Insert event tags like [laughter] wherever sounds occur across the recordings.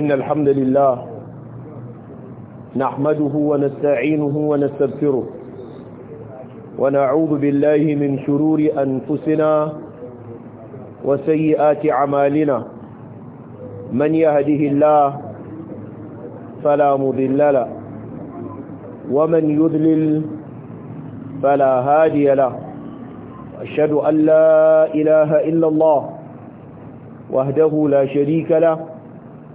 إن الحمد لله نحمده ونستعينه ونستغفره ونعوذ بالله من شرور أنفسنا وسيئات أعمالنا من يهده الله فلا مضل له ومن يذلل فلا هادي له أشهد أن لا إله إلا الله وحده لا شريك له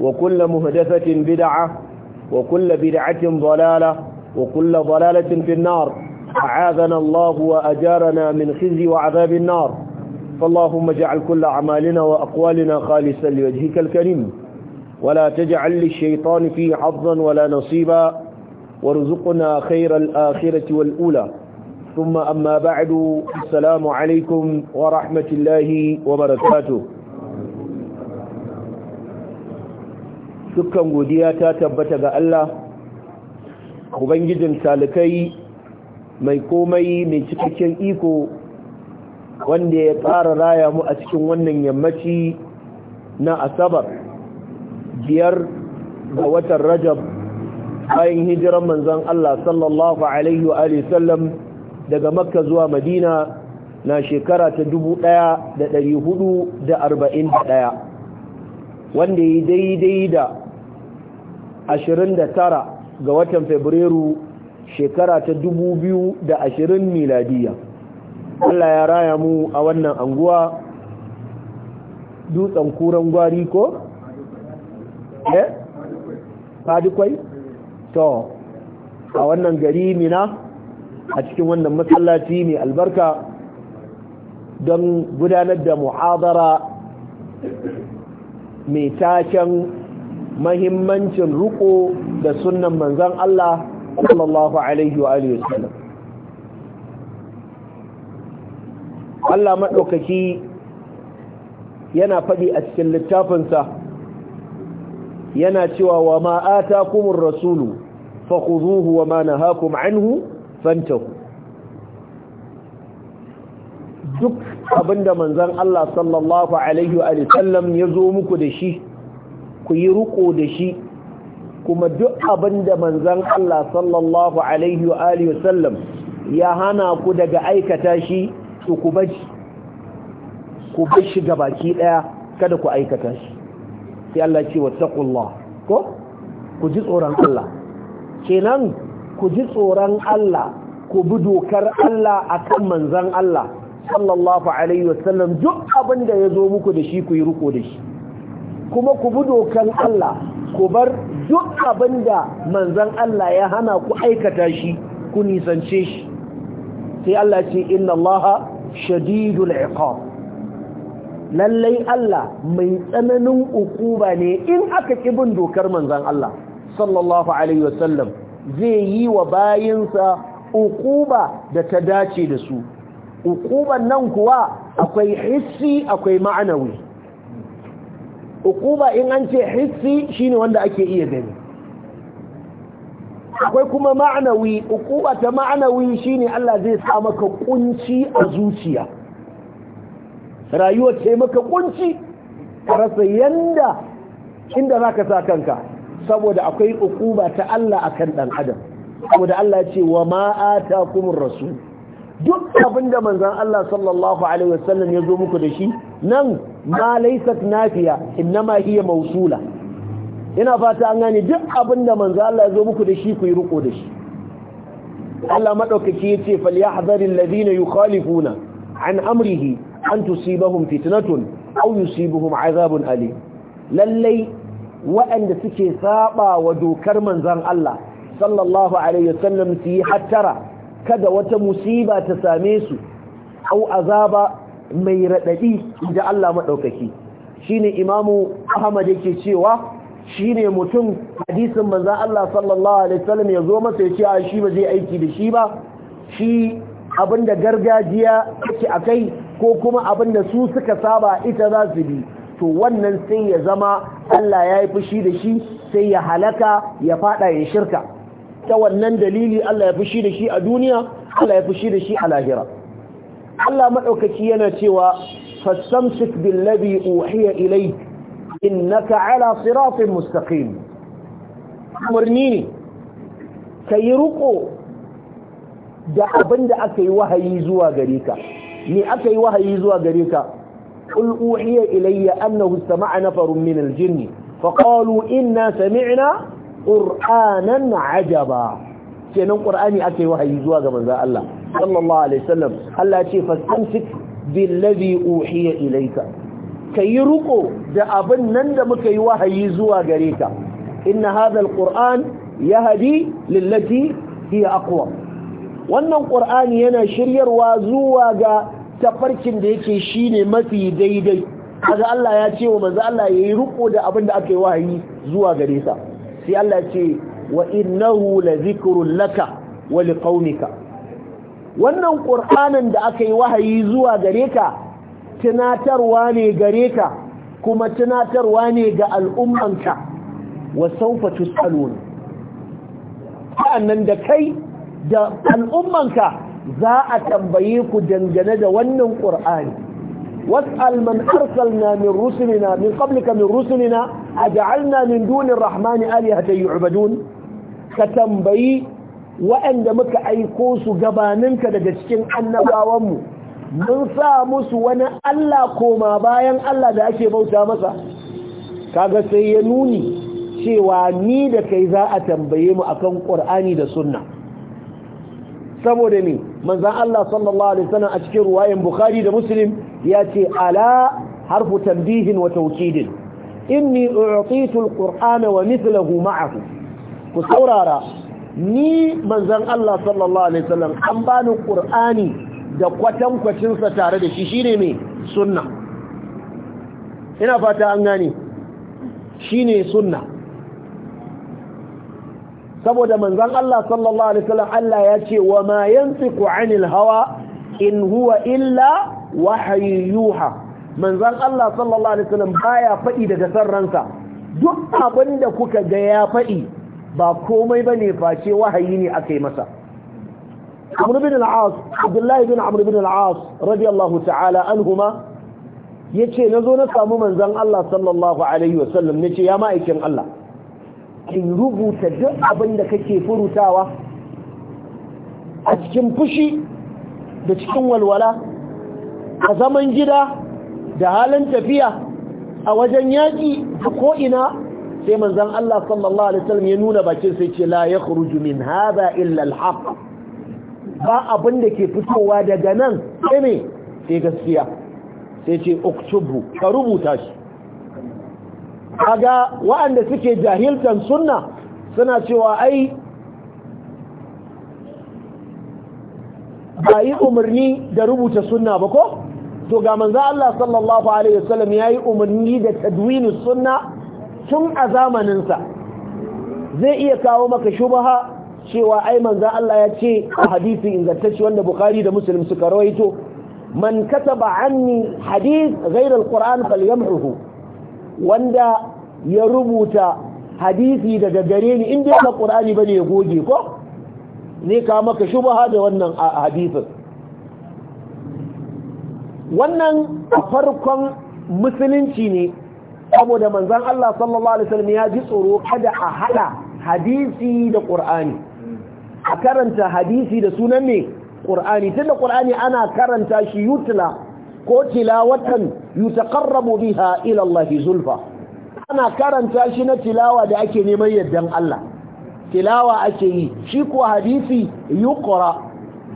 وكل مهدثة بدعة وكل بدعة ضلالة وكل ضلالة في النار أعاذنا الله وأجارنا من خزي وعذاب النار فاللهم اجعل كل أعمالنا وأقوالنا خالصا لوجهك الكريم ولا تجعل للشيطان فيه حظا ولا نصيبا وارزقنا خير الآخرة والأولى ثم أما بعد السلام عليكم ورحمة الله وبركاته dukkan godiya ta tabbata ga Allah ubangijin talikai mai komai mai cikakken iko wanda ya tsara raya mu a cikin wannan yammaci na asabar biyar ga watan rajab bayan hijiran manzan Allah sallallahu alaihi wa sallam daga makka zuwa madina na shekara ta 1441 wanda ya daidai da 29 ga watan Fabrairu shekara ta 2020 miladiya Allah ya raya mu a wannan anguwa dutsen kuran gwari ko? eh? fadikwai? to a wannan gari mina a cikin wannan masallaci mai albarka don gudanar da mu'adara mai taken mahimmancin ruko da sunan manzan Allah sallallahu alaihi wa alihi wasallam Allah madaukaki yana faɗi a cikin littafinsa yana cewa wa ma atakumur rasulu fakhuzuhu wa ma nahakum anhu fantahu duk abinda manzan Allah sallallahu alaihi wa sallam ya zo muku da shi ku yi ruko da shi kuma duk abin da manzan Allah sallallahu alaihi wa alihi ya hana ku daga aikata shi to ku bashi ku bashi gabaki daya kada ku aikata shi sai Allah ce wattaqullah ko ku ji tsoron Allah kenan ku ji tsoron Allah ku bi dokar Allah akan manzan Allah sallallahu alaihi wasallam duk abin da ya zo muku da shi ku yi ruko da shi kuma ku bi dokan Allah ku bar duk abin da manzon Allah ya hana ku aikata shi ku nisance shi sai Allah ce inna Allah shadidul iqab lallai Allah mai tsananin ukuba ne in aka bin dokar manzan Allah sallallahu alaihi wasallam zai yi wa bayinsa ukuba da ta dace da su ukuban nan kuwa akwai hissi akwai ma'anawi ukuba in an ce hissi shine wanda ake iya gani akwai kuma ma'anawi ukuba ta ma'anawi shine Allah zai sa maka kunci a zuciya rayuwa ce maka kunci rasa yanda inda zaka sa kanka saboda akwai ukuba ta Allah akan dan adam saboda Allah ya ce wa ma atakumur rasul duk abinda manzan Allah sallallahu alaihi wasallam ya zo muku da shi nan ma laysat nafiya ma hiya mausula ina fata an gane duk abinda manzan Allah ya zo muku da shi ku yi riko da shi Allah madaukaki yace falyahdharil ladina yukhalifuna an amrihi an tusibahum fitnatun aw yusibuhum azabun alim lallai waɗanda suke saba wa dokar manzon Allah sallallahu alaihi wasallam su yi hattara kada wata musiba ta same su au azaba mai raɗaɗi da Allah maɗaukaki shine imamu Ahmad yake cewa shine mutum hadisin manzon Allah sallallahu alaihi wasallam yazo masa yace a shi ba zai aiki da shi ba shi abinda gargajiya yake akai ko kuma abinda su suka saba ita za su bi to wannan sai ya zama Allah ya yi fushi da shi sai ya halaka ya fada ya shirka ta wannan dalili Allah ya fushi da shi a duniya Allah ya fushi da shi a lahira Allah madaukaki yana cewa fasamsik billabi uhiya ilayk innaka ala siratin mustaqim umarni ne kayi ruko da abinda aka yi wahayi zuwa gare ka ni aka yi wahayi zuwa gare ka qul uhiya ilayya annahu sama'a nafarun min al-jinni فقالوا إنا qur'anan ajaba kenan ƙur'ani aka yi wahayi zuwa ga manzon Allah sallallahu alaihi sallam Allah ce fastamsik billazi uhiya ka kayi ruko da abin nan da muka yi wahayi zuwa gare ka inna ƙur'an, ya yahdi lillati hiya aqwa wannan ƙur'ani yana shiryarwa zuwa ga tafarkin da yake shine mafi daidai kaga Allah ya ce wa manza Allah yayi ruko da abin da aka yi wahayi zuwa gare sa sai Allah ce wa innahu la zikrun laka wa liqaumika wannan qur'anin da aka yi wahayi zuwa gare ka tunatarwa ne gare ka kuma tunatarwa ne ga al'ummanka wa sawfa tusalun nan da kai da al'ummanka za a tambaye ku dangane da wannan qur'ani واسأل من أرسلنا من رسلنا من قبلك من رسلنا أجعلنا من دون الرحمن آلهة يعبدون كتنبي وأن مك جبانك دجتشين أنبا ومو mun sa musu wani Allah koma bayan Allah da ake bauta masa kaga sai ya nuni cewa ni da kai za a tambaye mu akan Qur'ani da Sunna saboda me manzon Allah sallallahu alaihi a cikin ruwayan Bukhari da Muslim ya ce ala harfu tanbihin wa tawkidin inni u'titu alqur'ana wa mithluhu ma'ahu ku saurara ni manzon Allah sallallahu alaihi an bani ƙur'ani da kwatankwacinsa tare da shi shine mai sunna ina fata an gane shine sunna saboda manzan Allah sallallahu alaihi wasallam Allah ya ce wa ma yantiqu anil hawa in huwa illa wahyu yuha manzon Allah sallallahu alaihi wasallam baya faɗi daga san ransa duk abin da kuka ga ya faɗi ba komai bane face wahayi ne aka yi masa Amr ibn al-As Abdullah ibn Amr ibn al-As radiyallahu ta'ala anhuma yace nazo na samu manzan Allah sallallahu alaihi wasallam nace ya ma'aikin Allah in rubuta duk abin da kake furutawa a cikin fushi da cikin walwala a zaman gida da halin tafiya a wajen yaƙi a ko'ina sai manzan Allah sallallahu Alaihi wasallam ya nuna bakin sai ce la ya kuruju min haɗa illal haƙ ba abin da ke fitowa daga nan sai sai gaskiya sai ce oktubu ka rubuta shi kaga waɗanda suke jahiltan sunna suna cewa ai ba yi umarni da rubuta sunna ba ko to ga manzo Allah sallallahu alaihi wasallam yayi umarni da tadwinin sunna tun a zamaninsa zai iya kawo maka shubaha? cewa ai manzo Allah ya ce a hadisin ingantacce wanda Bukhari da Muslim suka rawaito man kataba anni hadith ghayr alquran falyamhu wanda ya rubuta hadisi daga gare ni in dai ba qur'ani bane ya goge ko ne ka maka shubha da wannan hadisin wannan farkon musulunci ne saboda manzon Allah sallallahu alaihi wasallam ya ji tsoro kada a hada hadisi da qur'ani a karanta hadisi da sunan ne qur'ani da qur'ani ana karanta shi yutla ko tilawatan yutaqarrabu biha ila Allah zulfa ana karanta shi na tilawa da ake neman yardan Allah tilawa ake yi shi kuwa hadisi yuqra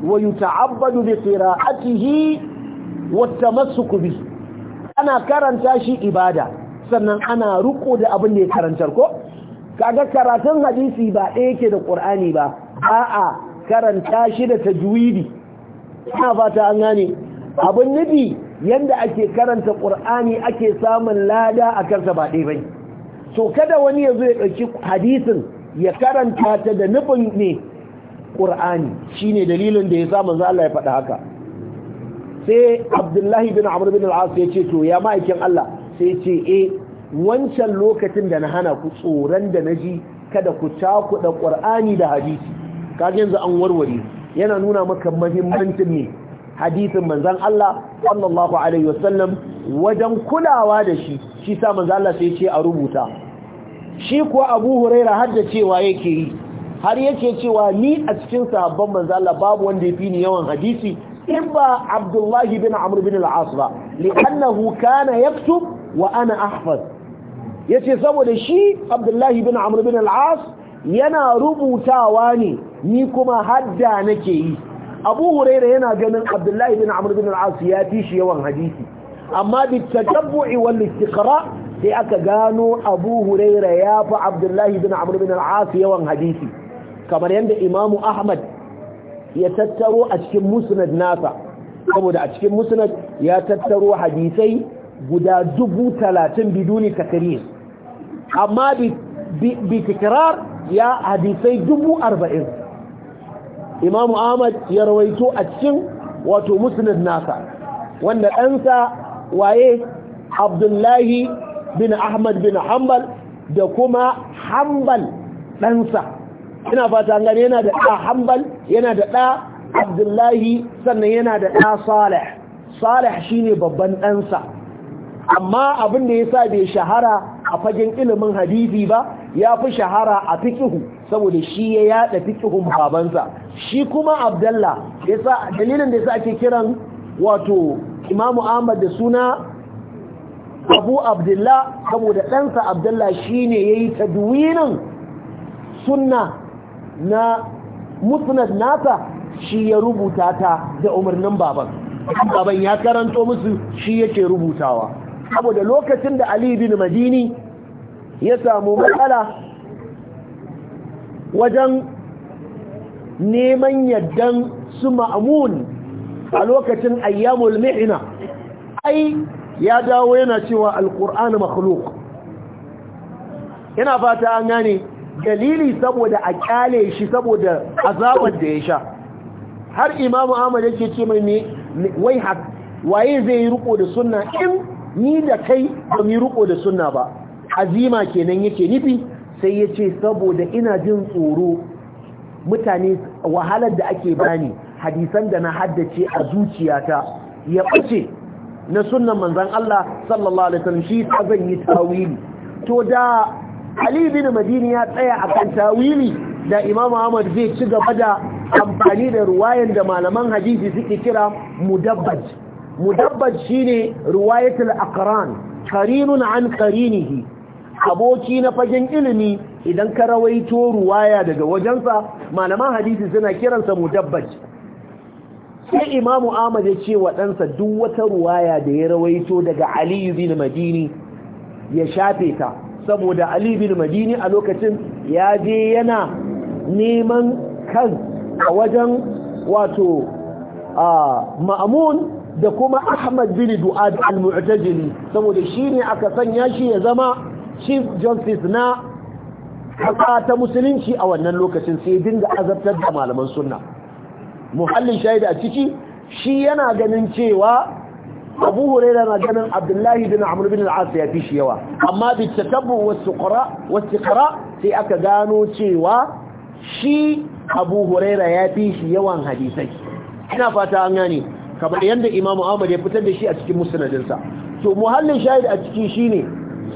wa yuta'abbadu bi qira'atihi wa tamassuk bi ana karanta shi ibada sannan ana ruko da abin da ya karantar ko kaga karatun hadisi ba ɗaya yake da Qur'ani ba a'a karanta shi da tajwidi ina fata an gane Abun nufi yanda ake karanta ƙur'ani ake samun lada a kansa ba ɗaya bai so kada wani ya zo ya ɗauki hadisin ya karanta ta da nufin ne ƙur'ani shine dalilin da ya sa manzo Allah ya faɗa haka sai abdullahi bin amr bin al ya ce to ya ma'aikin Allah sai ya ce eh wancan lokacin da na hana ku tsoron da na ji kada ku cakuɗa ƙur'ani da hadisi kaga yanzu an warware yana nuna maka muhimmancin ne hadisin manzon Allah sallallahu alaihi wasallam wajen kulawa da shi shi sa manzon Allah sai ce a rubuta shi kuwa Abu Huraira har da cewa yake yi har yake cewa ni a cikin sahabban manzon Allah babu wanda yafi ni yawan hadisi in ba Abdullah bin Amr al-As ba li'annahu kana yaktub wa ana ahfaz yace saboda shi Abdullah bin Amr al-As yana rubutawa ne ni kuma hadda nake yi abu huraira yana ganin abdullahi bin amr bin al ya fi shi yawan hadisi amma bi tatabbu'i wal sai aka gano abu huraira ya fi abdullahi bin amr bin al yawan hadisi kamar yadda imam ahmad ya tattaro a cikin musnad nasa saboda a cikin musnad ya tattaro hadisai guda dubu talatin biduni takrir amma bi ya hadisai dubu arba'in imamu ahmad ya rawaito a cikin wato musnad nasa wanda ɗansa waye abdullahi bin ahmad bin hanbal da kuma hanbal ɗansa ina fata gane yana da ɗa hanbal yana da ɗa abdullahi sannan yana da ɗa salih salih shine babban ɗansa amma abin da ya sa bai shahara a fagen ilimin hadisi ba ya fi shahara a fikihu saboda shi ya yada fikihun babansa shi kuma abdalla yasa dalilin da yasa ake kiran wato imamu ahmad da suna abu abdullah saboda ɗansa abdullah shine yayi tadwinin sunna na musnad nasa shi ya rubuta ta da umarnin baban baban ya karanto musu shi yake rubutawa saboda lokacin da Ali bin Madini ya samu matsala wajen neman yaddan su ma'amun a lokacin ayyamul mi'ina ai ya dawo yana cewa alkur'ani makhluk yana fata an gane dalili saboda a kyale shi saboda azabar da ya sha har imamu ahmad yake ce mai ne wai waye zai yi riko da sunna in ni da kai ba mu ruko da sunna ba azima kenan yake nufi sai yace saboda ina jin tsoro mutane wahalar da ake bani hadisan da na haddace a zuciyata ya bace na sunnan manzon Allah sallallahu alaihi wasallam shi ta zan yi tawili to da Ali bin Madini ya tsaya akan tawili da Imam Ahmad zai ci gaba da amfani da ruwayan da malaman hadisi suke kira mudabbaj mudabbaj shine ruwayatul aqran qarinun an qarinihi aboki na fagen ilimi idan ka rawaito ruwaya daga wajensa malaman hadisi suna kiransa mudabbaj sai imamu ahmad ya ce wa ɗansa duk wata ruwaya da ya rawaito daga ali bin madini ya shafe ta saboda ali bin madini a lokacin ya je yana neman kan a wajen wato ma'amun da kuma Ahmad bin Du'ad al-Mu'tajili saboda shi ne aka sanya shi ya zama Chief Justice na haka ta musulunci a wannan lokacin sai dinga azabtar da malaman sunna muhallin shaida a ciki shi yana ganin cewa Abu Huraira na ganin Abdullahi bin Amr bin al-As ya fi shi yawa amma bi tatabbu wa suqra sai aka gano cewa shi Abu Huraira ya fi shi yawan hadisai ina fata an gane kamar yadda imamu ahmad ya fitar da shi a cikin musnadinsa to muhallin shahid a ciki shine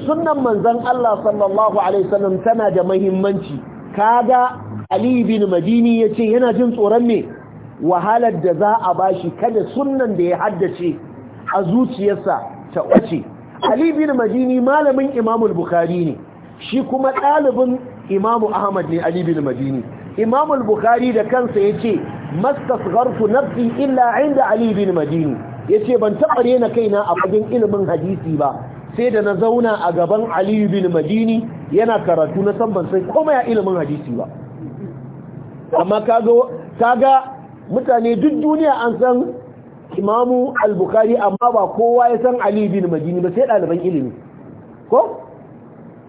sunnan manzon Allah sallallahu alaihi wasallam tana da mahimmanci kaga ali bin madini ce yana jin tsoron me wahalar da za a bashi kada sunnan da ya haddace a zuciyarsa ta wace ali bin madini malamin imamu bukhari ne shi kuma ɗalibin imamu ahmad ne ali bin madini imamu al-bukhari da kansa yace mastasghartu nafsi illa inda ali bin madini yace ban taɓa rena kaina a fagen ilimin hadisi ba sai da na zauna a gaban ali bin madini yana karatu na san ban sai komai a ilimin hadisi ba amma kaga kaga mutane duk duniya an san imamu al-bukhari amma ba kowa ya san ali bin madini ba sai ɗaliban ilimi ko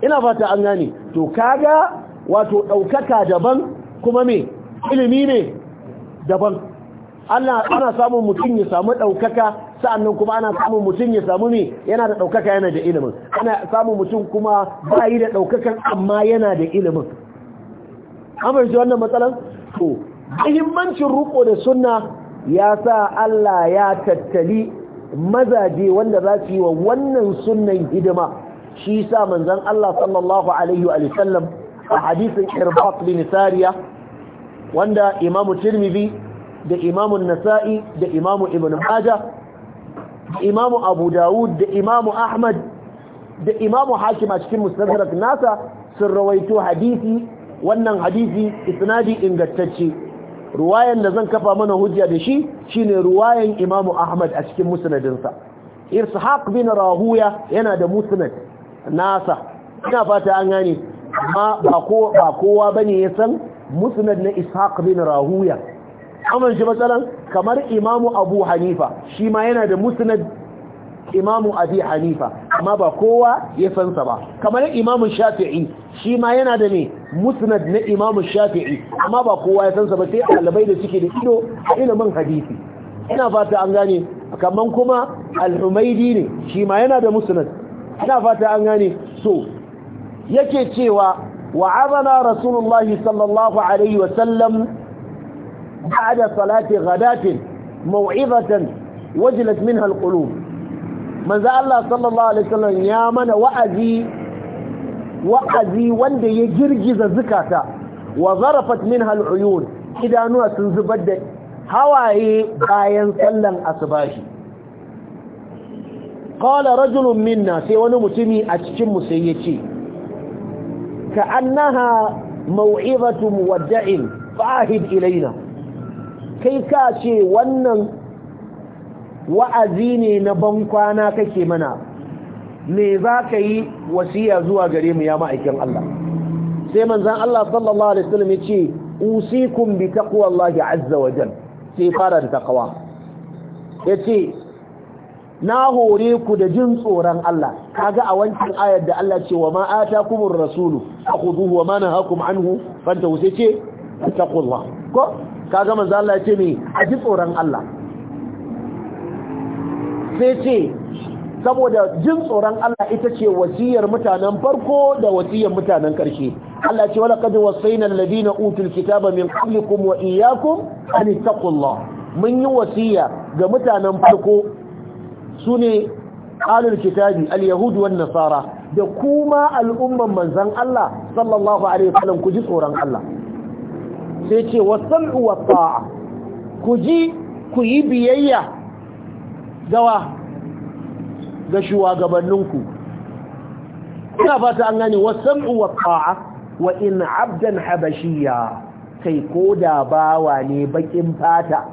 ina fata an gane to kaga wato ɗaukaka daban kuma me ilimi ne daban Allah ana samun mutum ya samu ɗaukaka sa'annan kuma ana samun mutum ya samu ne yana da ɗaukaka yana da ilimin ana samun mutum kuma ba yi da ɗaukakan amma yana da ilimin amma shi wannan matsalan to muhimmancin ruko da sunna ya sa Allah ya tattali mazaje wanda za su yi wa wannan sunnan hidima shi sa manzon Allah sallallahu alaihi wa sallam a hadisin irbat bin sariya wanda imamu tirmidhi da imamu nasa'i da imamu ibn majah da imamu abu dawud da imamu ahmad da imamu hakim a cikin mustadrak nasa sun rawaito hadisi wannan hadisi isnadi ingantacce ruwayan da zan kafa mana hujja da shi shine ruwayan imamu ahmad a cikin musnadinsa ishaq bin rahuya yana da musnad nasa ina fata an gane amma ba kowa ba bane ya san musnad na ishaq bin rahuya kamar shi matsalan kamar imamu abu hanifa shi ma yana da musnad imamu abi hanifa amma ba kowa ya san sa ba kamar imamu shafi'i shi ma yana da ne musnad na imamu shafi'i amma ba kowa ya san sa ba sai ɗalibai da suke da ido a ilimin hadisi ina fata an gane kamar kuma al-humaidi ne shi ma yana da musnad ina fata an gane so yake cewa wa'azana rasulullahi sallallahu alaihi wa sallam ba'da salati ghadatin maw'izatan wajilat minha alqulub manzo Allah sallallahu alaihi wasallam ya mana wa'azi wa'azi wanda ya girgiza zukata wa zarafat minha al'uyun idanuwa sun zubar da hawaye bayan sallan asubahi qala rajulun minna sai wani mutumi a cikin mu sai yace كأنها موعظة مودع فعاهد إلينا كي كاشي ونن وأزيني نبنقانا كي منا لذاك وسيا زوا قريم يا مائكم الله سيما زان الله صلى الله عليه وسلم يتشي أوصيكم بتقوى الله عز وجل سيفارا تقوى يتشي na hore ku da jin tsoron Allah kaga a wancan ayar da Allah ce wa ma atakumur rasulu akhuduhu wa ma nahakum anhu fanta sai ce taqullah ko kaga manzo Allah ya ce me a ji tsoron Allah sai ce saboda jin tsoron Allah ita ce wasiyar mutanen farko da wasiyar mutanen karshe Allah ce wala qad wasayna alladhina utul kitaba min qablikum wa iyyakum an taqullah mun yi wasiya ga mutanen farko Sune ne alul kitabi al-yahudu wan nasara da kuma al'umman manzan Allah sallallahu alaihi wasallam ku ji tsoron Allah sai ce wasam'u wa ta'a ku ji ku yi biyayya dawa ga shugabanninku ina fata an gane wasam'u wa ta'a wa in 'abdan Habashiya kai koda bawa ne bakin fata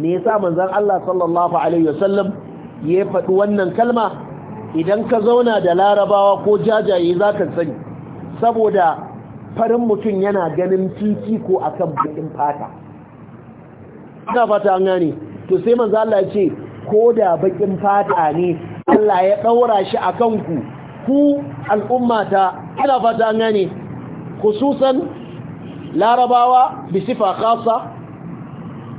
me yasa manzon Allah sallallahu alaihi wasallam ya faɗi wannan kalma idan ka zauna da larabawa ko jajaye za ka sani saboda farin mutum yana ganin ko a kan bukin fata ina fata an gane to sai manzo Allah ce ko da bakin fata ne Allah ya ɗaura shi a kanku ku al'ummata ina fata an gane khususan larabawa bi sifa khassa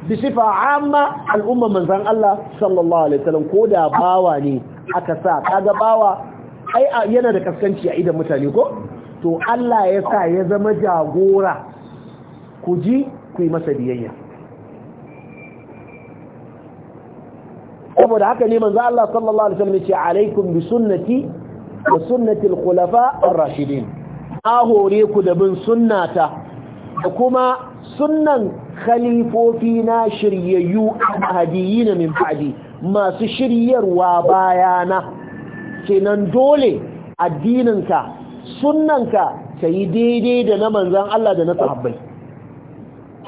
bi sifa amma al'umma manzan Allah sallallahu alaihi wasallam ko da bawa ne aka sa kaga bawa ai yana da kaskanci a idan mutane ko to Allah ya sa ya zama jagora ku ji ku yi masa biyayya saboda haka ne manzo Allah sallallahu alaihi wasallam yace alaikum bi sunnati wa sunnati al-khulafa ar-rashidin ahore ku da bin sunnata da kuma Sunan khalifofi na shiryayyu ahadiyina min ba'di masu shiryarwa bayana kenan dole addininka sunanka ta yi daidai da na manzan Allah da na sahabbai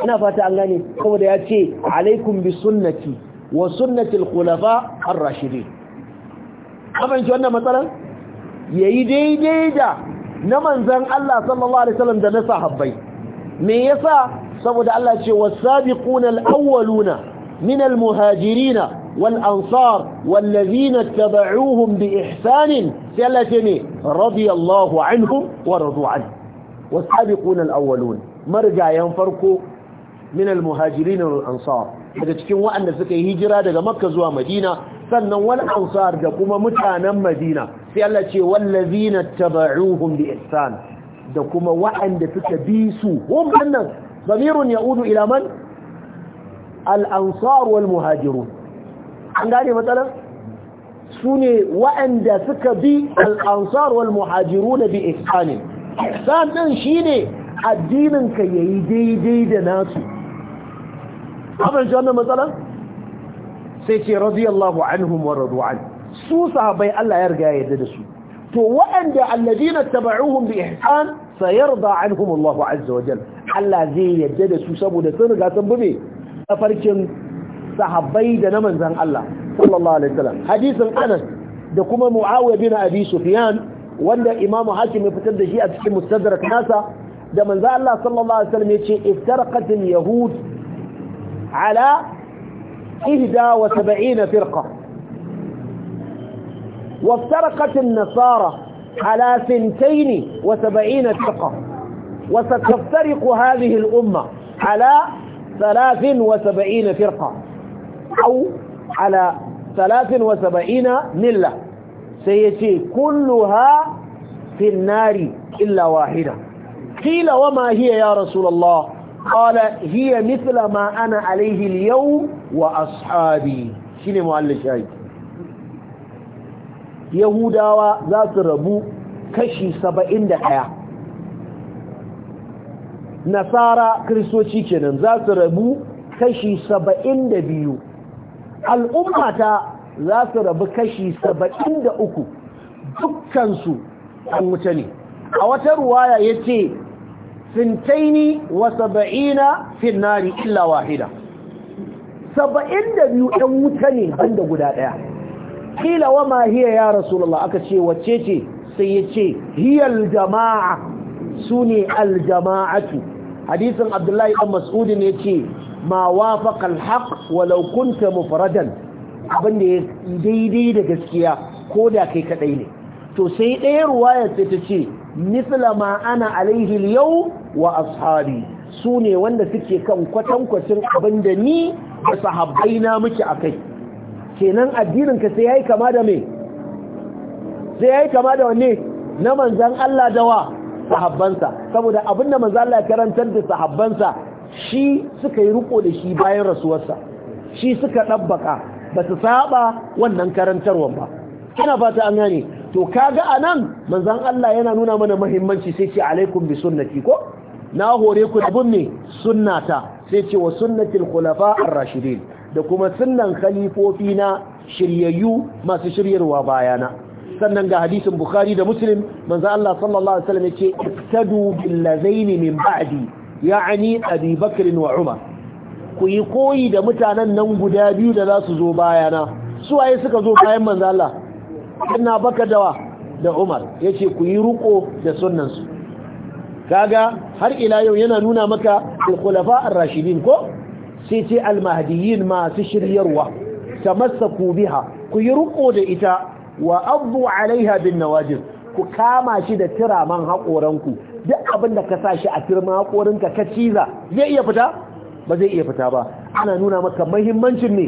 ina fata an gane saboda ya ce alaikum bi sunnati wa sunnati al-khulafa ar-rashidin abin shi wannan matsalan yayi daidai da na manzan Allah sallallahu alaihi wasallam da na sahabbai me yasa saboda Allah ce wasabiquna alawwaluna min almuhajirina wal ansar wallazina tabauhum bi ihsan sai Allah ne radiyallahu anhum wa radu an wasabiquna alawwalun marjayan farko min almuhajirina wal daga cikin wanda suka yi hijira daga makka zuwa madina sannan wal da kuma mutanen madina sai Allah ce wallazina da kuma waɗanda suka bi su wannan ضمير يعود إلى من الأنصار والمهاجرون عندنا مثلا سوني وأن سك بي الأنصار والمهاجرون بإحسان إحسان تنشيني الدين كي يدي دي ناسو أبعد جوانا مثلا سيتي رضي الله عنهم ورضوا عنه su sahabai Allah ya riga ya yarda da su to waɗanda alladina tabauhum bi ihsan sayarda anhum Allah azza wajal Allah zai yadda da su saboda sun riga sun bube tafarkin sahabbai da na manzon Allah sallallahu alaihi wasallam hadisin Anas da kuma Muawiya bin Abi Sufyan wanda Imam Hakim ya fitar da shi a cikin Mustadrak nasa da manzon Allah sallallahu alaihi wasallam yace iftarqat al-yahud ala 71 firqa وافترقت النصارى على سنتين وسبعين ثقة وستفترق هذه الأمة على ثلاث وسبعين فرقة أو على ثلاث وسبعين ملة سيتي كلها في النار إلا واحدة قيل وما هي يا رسول الله قال هي مثل ما أنا عليه اليوم وأصحابي شنو مؤلف شايف yahudawa za su rabu kashi saba'in da ɗaya nasara kiristoci kenan za su rabu kashi saba'in da biyu al'ummata za su rabu kashi saba'in da uku dukkansu an wuce ne a wata ruwaya ya ce sintaini wa saba'ina finari illa wahida saba'in da biyu ɗan wuta ne banda guda ɗaya kila wa ma hiya ya rasulullah aka ce wacce ce sai ya ce hiyal jama'a sune al hadisin abdullahi dan mas'ud ne ce ma wafaqa al haqq walau kunta mufradan abinda ya daidai da gaskiya ko da kai kadai ne to sai ɗaya ruwaya sai ta ce misla ma ana alaihi yau wa ashabi su ne wanda suke kan kwatankwacin abinda ni da na muke a kai kenan addinin ka sai yayi kama da me sai yayi kama da wanne na manzan Allah da wa sahabbansa saboda abin da manzan Allah ya karantar da sahabbansa shi suka yi riko da shi bayan rasuwarsa shi suka dabbaka ba su saba wannan karantarwar ba ina fata an gane to kaga anan manzan Allah yana nuna mana muhimmanci sai ce alaikum bi sunnati ko na hore ku da bin sunnata sai ce wa sunnatil khulafa ar-rashidin da kuma sunnan khalifofi na shiryayyu masu shiryarwa bayana sannan ga hadisin bukhari da muslim manzo Allah sallallahu alaihi wasallam yace iktadu bil ladaini min ba'di ya'ni abi bakr wa umar ku yi koyi da mutanen nan guda biyu da za su zo bayana su waye suka zo bayan manzo Allah ina baka dawa da umar yace ku yi ruko da sunnan su kaga har ila yau yana nuna maka al-khulafa ar-rashidin ko sai ce almahdiyin masu shiryarwa tamassaku biha ku yi riko da ita wa abu alaiha bin nawajib ku kama shi da tiraman haƙoranku duk abin da ka sa shi a tirman haƙorinka ka ciza zai iya fita ba zai iya fita ba ana nuna maka mahimmancin ne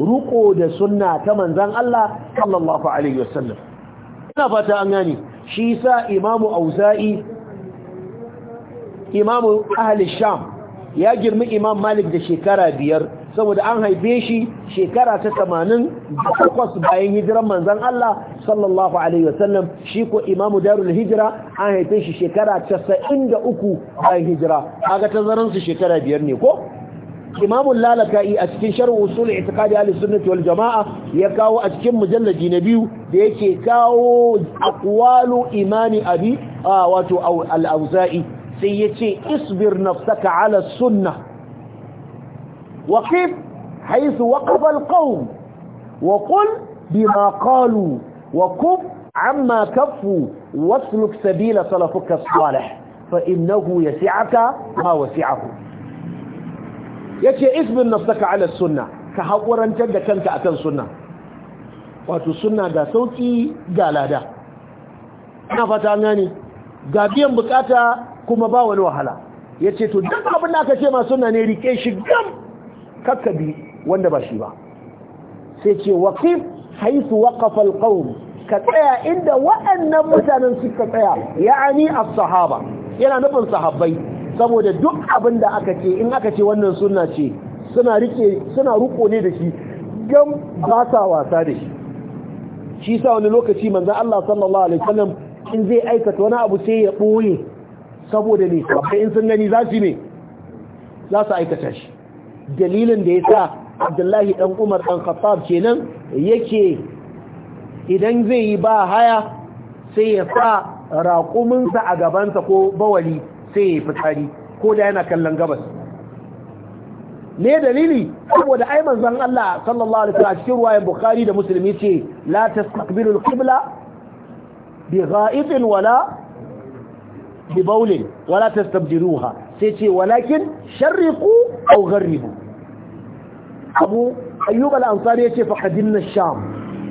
riko da sunna ta manzan Allah sallallahu alaihi wasallam ina fata an gani shi sa imamu auza'i imamu ahli sham ya girmi imam malik da shekara biyar saboda an haife shi shekara ta tamanin takwas bayan hijiran manzan Allah sallallahu alaihi wasallam shi ko imamu darul hijira an haife shi shekara casa'in da uku bayan hijira aga tazaransu shekara biyar ne ko imamun lalaka'i a cikin sharh usul itikadi Ali sunnati wal jama'a ya kawo a cikin mujallaji na biyu da yake kawo aqwalu imani abi wato al-auza'i sai ya ce isbir nafsaka ala sunna waqif haythu waqafa alqawm wa qul bima qalu wa kuf amma kafu wasluk sabila salafuka salih fa innahu yasi'aka ma wasi'ahu yace isbir nafsaka ala sunna ka hakurantar da kanka akan sunna wato sunna ga sauki ga lada ina fata gane ga biyan bukata kuma ba wani wahala ya ce to duk abin da aka ce ma suna ne rike shi gam kakkabi wanda ba shi ba sai ce waqif haythu waqafa alqawm ka tsaya inda waɗannan mutanen suka tsaya ya'ani as-sahaba yana nufin sahabbai saboda duk abin da aka ce in aka ce wannan sunna ce suna rike suna ruko ne da shi gam ba sa wasa da shi shi sa wani lokaci manzon Allah sallallahu alaihi wasallam in zai aikata wani abu sai ya boye saboda ne sabai in sun gani za su ne za su aikata shi dalilin da ya sa abdullahi Ɗan umar Ɗan khattab kenan yake idan zai yi ba haya sai ya sa raƙuminsa a gabansa ko bawali sai ya fitsari ko da yana kallon gabas ne dalili saboda ai manzon Allah sallallahu alaihi wasallam cikin ruwayan Bukhari da Muslim yace la tastaqbilul qibla bi gha'ibin wala bi baulin wala tastabdiluha sai ce walakin sharriqu aw gharribu abu ayyub al-ansari yace fa qadimna ash-sham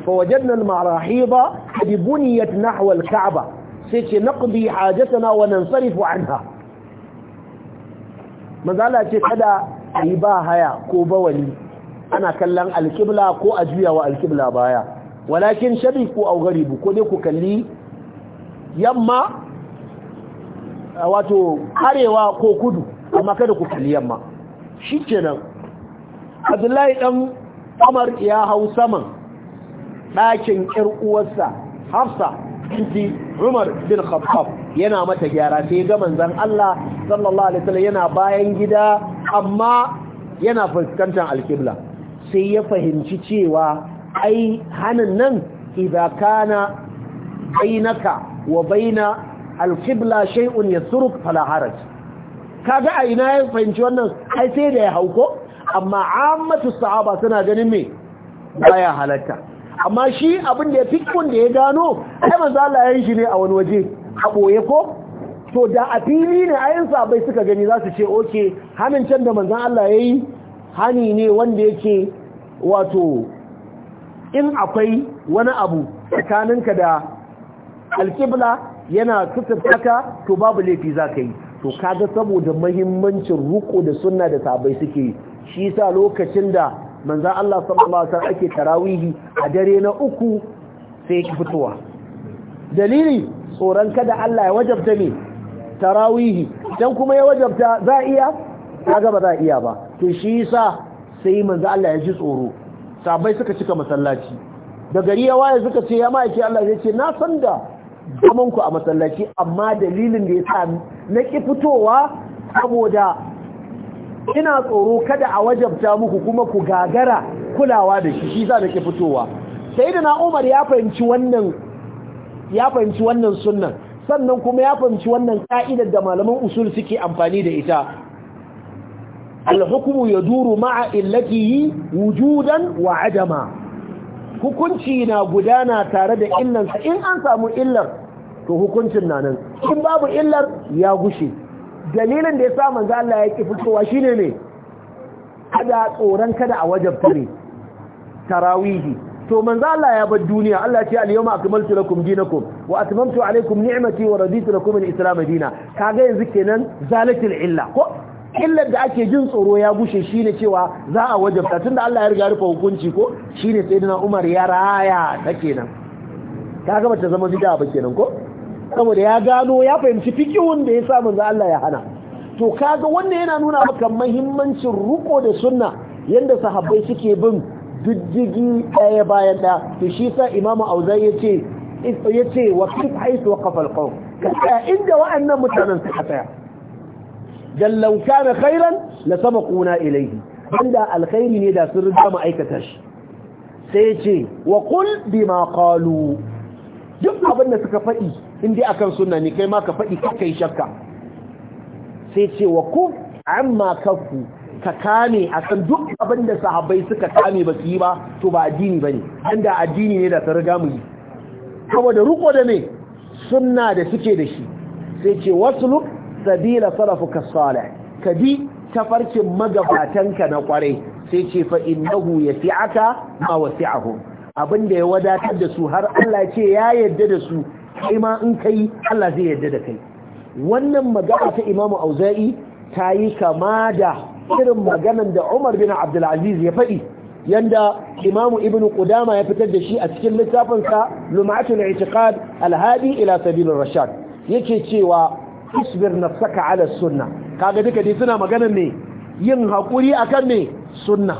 fa wajadna al-marahida qad buniyat nahwa al-ka'ba sai ce naqdi hajatana wa nansarifu anha manzala ce kada yi ba haya ko bawali ana kallon alkibla ko a juya wa alkibla baya walakin shariku aw gharibu ko dai ku kalli yamma wato arewa ko kudu amma kada ku kalli yamma shikenan Abdullahi dan Umar ya hau saman ɗakin ƴar uwarsa Hafsa inji Umar bin Khattab yana mata gyara sai ga manzon Allah sallallahu alaihi wasallam yana bayan gida amma yana fuskantar alkibla sai ya fahimci cewa ai hanin nan idza kana bainaka wa baina alqibla shay'un yasuruk fala haraj kaga a ina ya fahimci wannan ai sai da ya hauko amma ammatu sahaba suna ganin me baya halatta amma shi abin da ya fikun da ya gano ai manzo Allah shi ne a wani waje a boye ko to da a fili ne ayin sabai suka gani za su ce oke hanin can da manzon Allah ya yi hani ne wanda yake wato in akwai wani abu tsakaninka da alƙibla yana suturta to babu laifi za ka yi to kaga saboda mahimmancin ruko da sunna da sabai suke shi sa lokacin da manzan Allah sallallahu alaihi ake tarawihi a dare na uku sai ki fitowa dalili tsoron kada Allah ya wajabta ne tarawihi dan kuma ya wajabta za iya kaga ba za iya ba to shi sa sai manzan Allah ya ji tsoro sabai suka cika masallaci da gari ya waye suka ce ya ma yake Allah zai ce na san da zaman ku a masallaci amma dalilin da ya sa na ƙi fitowa saboda ina tsoro kada a wajabta muku kuma ku gagara kulawa da shi shi za na ƙi fitowa sai da ya fahimci wannan ya fahimci wannan sunnan sannan kuma ya fahimci wannan ka'idar da malaman usul suke amfani da ita alhukumu ya duru ma'a yi wujudan wa adama hukunci na gudana tare da illansa in an samu illar to hukuncin na nan in babu illar ya gushe dalilin da ya sa manzo Allah ya ki fitowa shine ne kada tsoron kada a wajabta ne tarawihi to manzo Allah ya bar duniya Allah ce al-yawma akmaltu lakum dinakum wa atmamtu alaykum ni'mati wa raditu lakum al-islam dinan kaga yanzu kenan zalatil illa ko illar da ake jin tsoro ya gushe shine cewa za a wajabta tunda Allah ya riga rufe hukunci ko shine sayyidina Umar ya raya take kenan kaga bata zama bid'a ba kenan ko saboda ya gano ya fahimci fikihun da ya sa za Allah ya hana to kaga wannan yana nuna maka muhimmancin ruko da sunna yanda sahabbai suke bin diddigi ɗaya bayan da to shi sa imamu auza yace yace wa kif haythu waqafa alqawm ka inda wa'annan mutanen suka tsaya dan law kana khairan la sabaquna ilayhi inda alkhairi ne da sun riga ma'aikata shi sai yace wa qul bima qalu duk abin da suka faɗi in dai akan sunna ne kai ma ka faɗi kai shakka sai ce wa ku amma kafu ka kame a akan duk abinda da sahabbai suka kame ba su yi ba to ba addini ba ne da addini ne da ta riga mu yi saboda ruko da me sunna da suke da shi sai ce wasu sabila salafuka salih ka bi tafarkin magabatanka na kwarai sai ce fa innahu yasi'aka ma abin abinda ya wadatar da su har Allah ce ya yarda da su kai ma in kai Allah zai yarda da kai wannan magana ta Imam Auza'i ta yi kama da irin maganan da Umar bin Abdul Aziz ya faɗi yanda Imam Ibn Qudama ya fitar da shi a cikin littafin sa Lum'atul I'tiqad Al-Hadi ila Sabilir Rashad yake cewa isbir nafsaka ala sunna kaga duka dai suna maganan ne yin hakuri akan ne sunna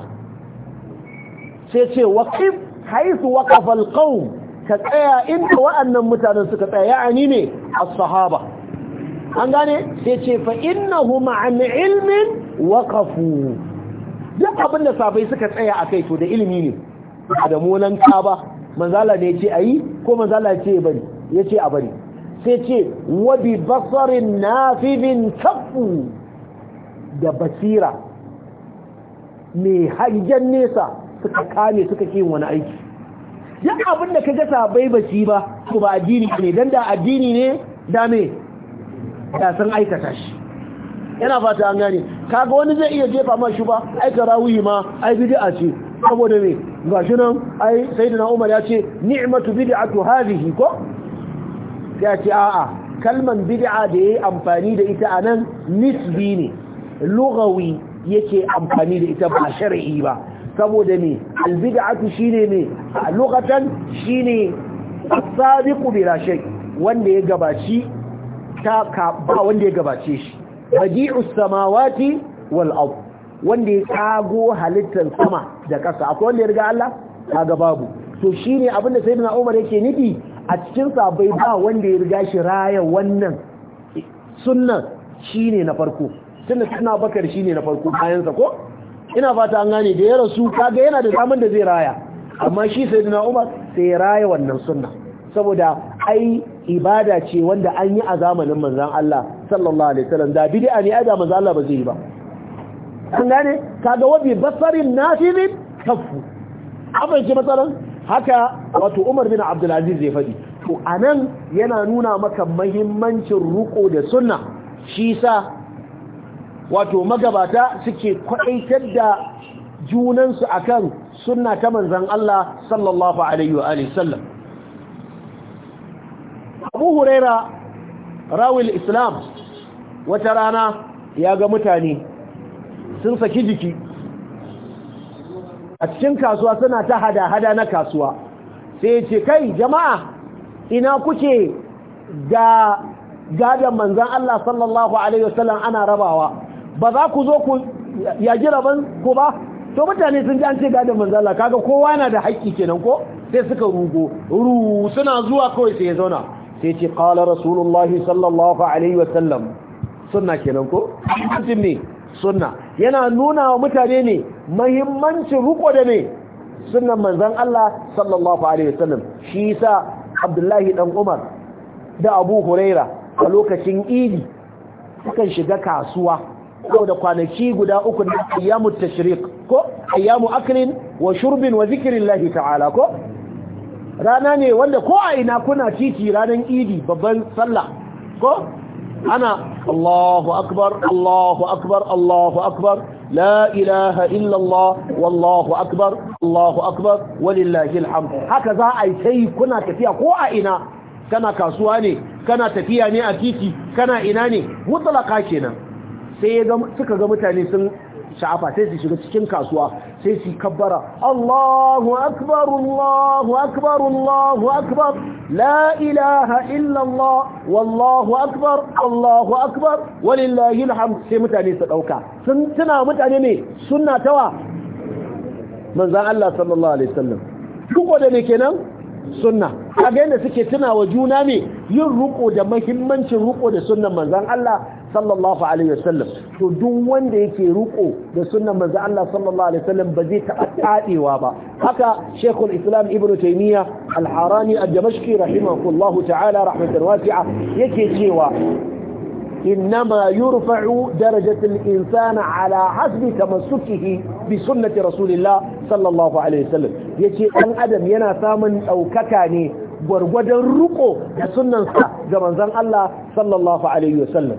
sai ce waqif haythu waqafa al-qawm ka tsaya inda wa'annan mutanen suka tsaya ya'ani ne as-sahaba an gane sai ce fa innahu ma'an ilmin waqafu duk abin da safai suka tsaya akai to da ilimi ne da molan ka ba manzala ne ce ayi ko manzala ce bari yace a bari sai ce wa bi basarin nafidin tafu da basira mai hangen nesa suka kame suka kin wani aiki duk abin da kaga sabai ba shi ba ko ba addini ne dan da addini ne da me san aikata shi yana fata an gane kaga wani zai iya jefa ma shi ba ai ma ai bid'a ce saboda me gashi nan ai sayyidina Umar ya ce ni'matu bid'atu hadhihi ko ya ce a'a kalman bid'a da yayi amfani da ita anan nisbi ne lugawi yake amfani da ita ba shar'i ba saboda me albid'atu shine me a lokacin shine as-sabiqu bila shay wanda ya gabaci ta ba wanda ya gabace shi badi'us samawati wal ard wanda ya kago halittar sama da ƙasa akwai wanda ya riga Allah kaga babu to shine abinda sayyidina Umar yake nidi a cikin sabai ba wanda ya riga shi raya wannan sunnan shine na farko tunda sunna bakar ne na farko bayan ko ina fata an gane da ya rasu kaga yana da zaman da zai raya amma shi sai na Umar sai ya raya wannan sunna saboda ai ibada ce wanda an yi a zamanin manzon Allah sallallahu alaihi wasallam da bid'a ne ai da manzon Allah ba zai yi ba an gane kaga wabi basarin nafidin kafu abin ji matsalan haka wato Umar bin Abdul Aziz zai faɗi to anan yana nuna maka muhimmancin ruko da sunna shi sa wato magabata suke kwaikar da junansu a kan suna ta manzan Allah sallallahu alaihi wa sallam Abu Huraira rawil Islam wata rana ya ga mutane sun saki jiki a cikin kasuwa suna ta hada-hada na kasuwa sai ce kai jama'a ina kuke ga gadon manzan Allah sallallahu alaihi wasallam ana rabawa ba za ku zo ku yaki rabon ku ba to mutane sun ji an ce gadon manzala kaga kowa na da haƙƙi kenan ko sai suka rugo ru suna zuwa kawai sai ya zauna sai ce qala rasulullahi sallallahu alaihi wa sallam sunna kenan ko mutum ne sunna yana nuna wa mutane ne muhimmancin ruko da ne sunnan manzon Allah sallallahu alaihi wa sallam shi sa Abdullahi dan Umar da Abu Huraira a lokacin Idi sukan shiga kasuwa da kwanaki guda uku na ayyamu tashriq ko ayyamu aklin wa shurbin wa zikrillahi ta'ala ko rana ne wanda ko a ina kuna titi ranar idi babban sallah ko ana Allahu akbar Allahu akbar Allahu akbar la ilaha illa wallahu akbar Allahu akbar walillahi alhamd haka za a yi kuna tafiya ko a ina kana kasuwa ne kana tafiya ne a titi kana ina ne mutlaka kenan sai suka ga mutane sun sha'afa sai su shiga cikin kasuwa sai su kabbara Allahu akbar Allahu akbar Allahu akbar la ilaha illa Allah wallahu akbar Allahu akbar walillahi alhamd sai mutane su dauka sun tuna mutane ne sunna tawa manzon Allah sallallahu alaihi wasallam duk da ne kenan sunna kaga yanda suke tuna wa juna ne yin ruko da muhimmancin ruko da sunnan manzon Allah sallallahu alaihi wasallam to duk wanda yake ruko da sunnan manzo Allah sallallahu alaihi wasallam ba zai taɓa tadewa ba haka Sheikhul Islam Ibn Taymiyyah Al-Harani Ad-Damashqi rahimahullahu ta'ala rahmatan wasi'a yake cewa إنما يرفع درجة الإنسان على حسب تمسكه بسنة رسول الله صلى الله عليه وسلم يجي أن adam yana ثامن أو ne gwargwadon ruko da sunansa ga manzon Allah sallallahu alaihi wasallam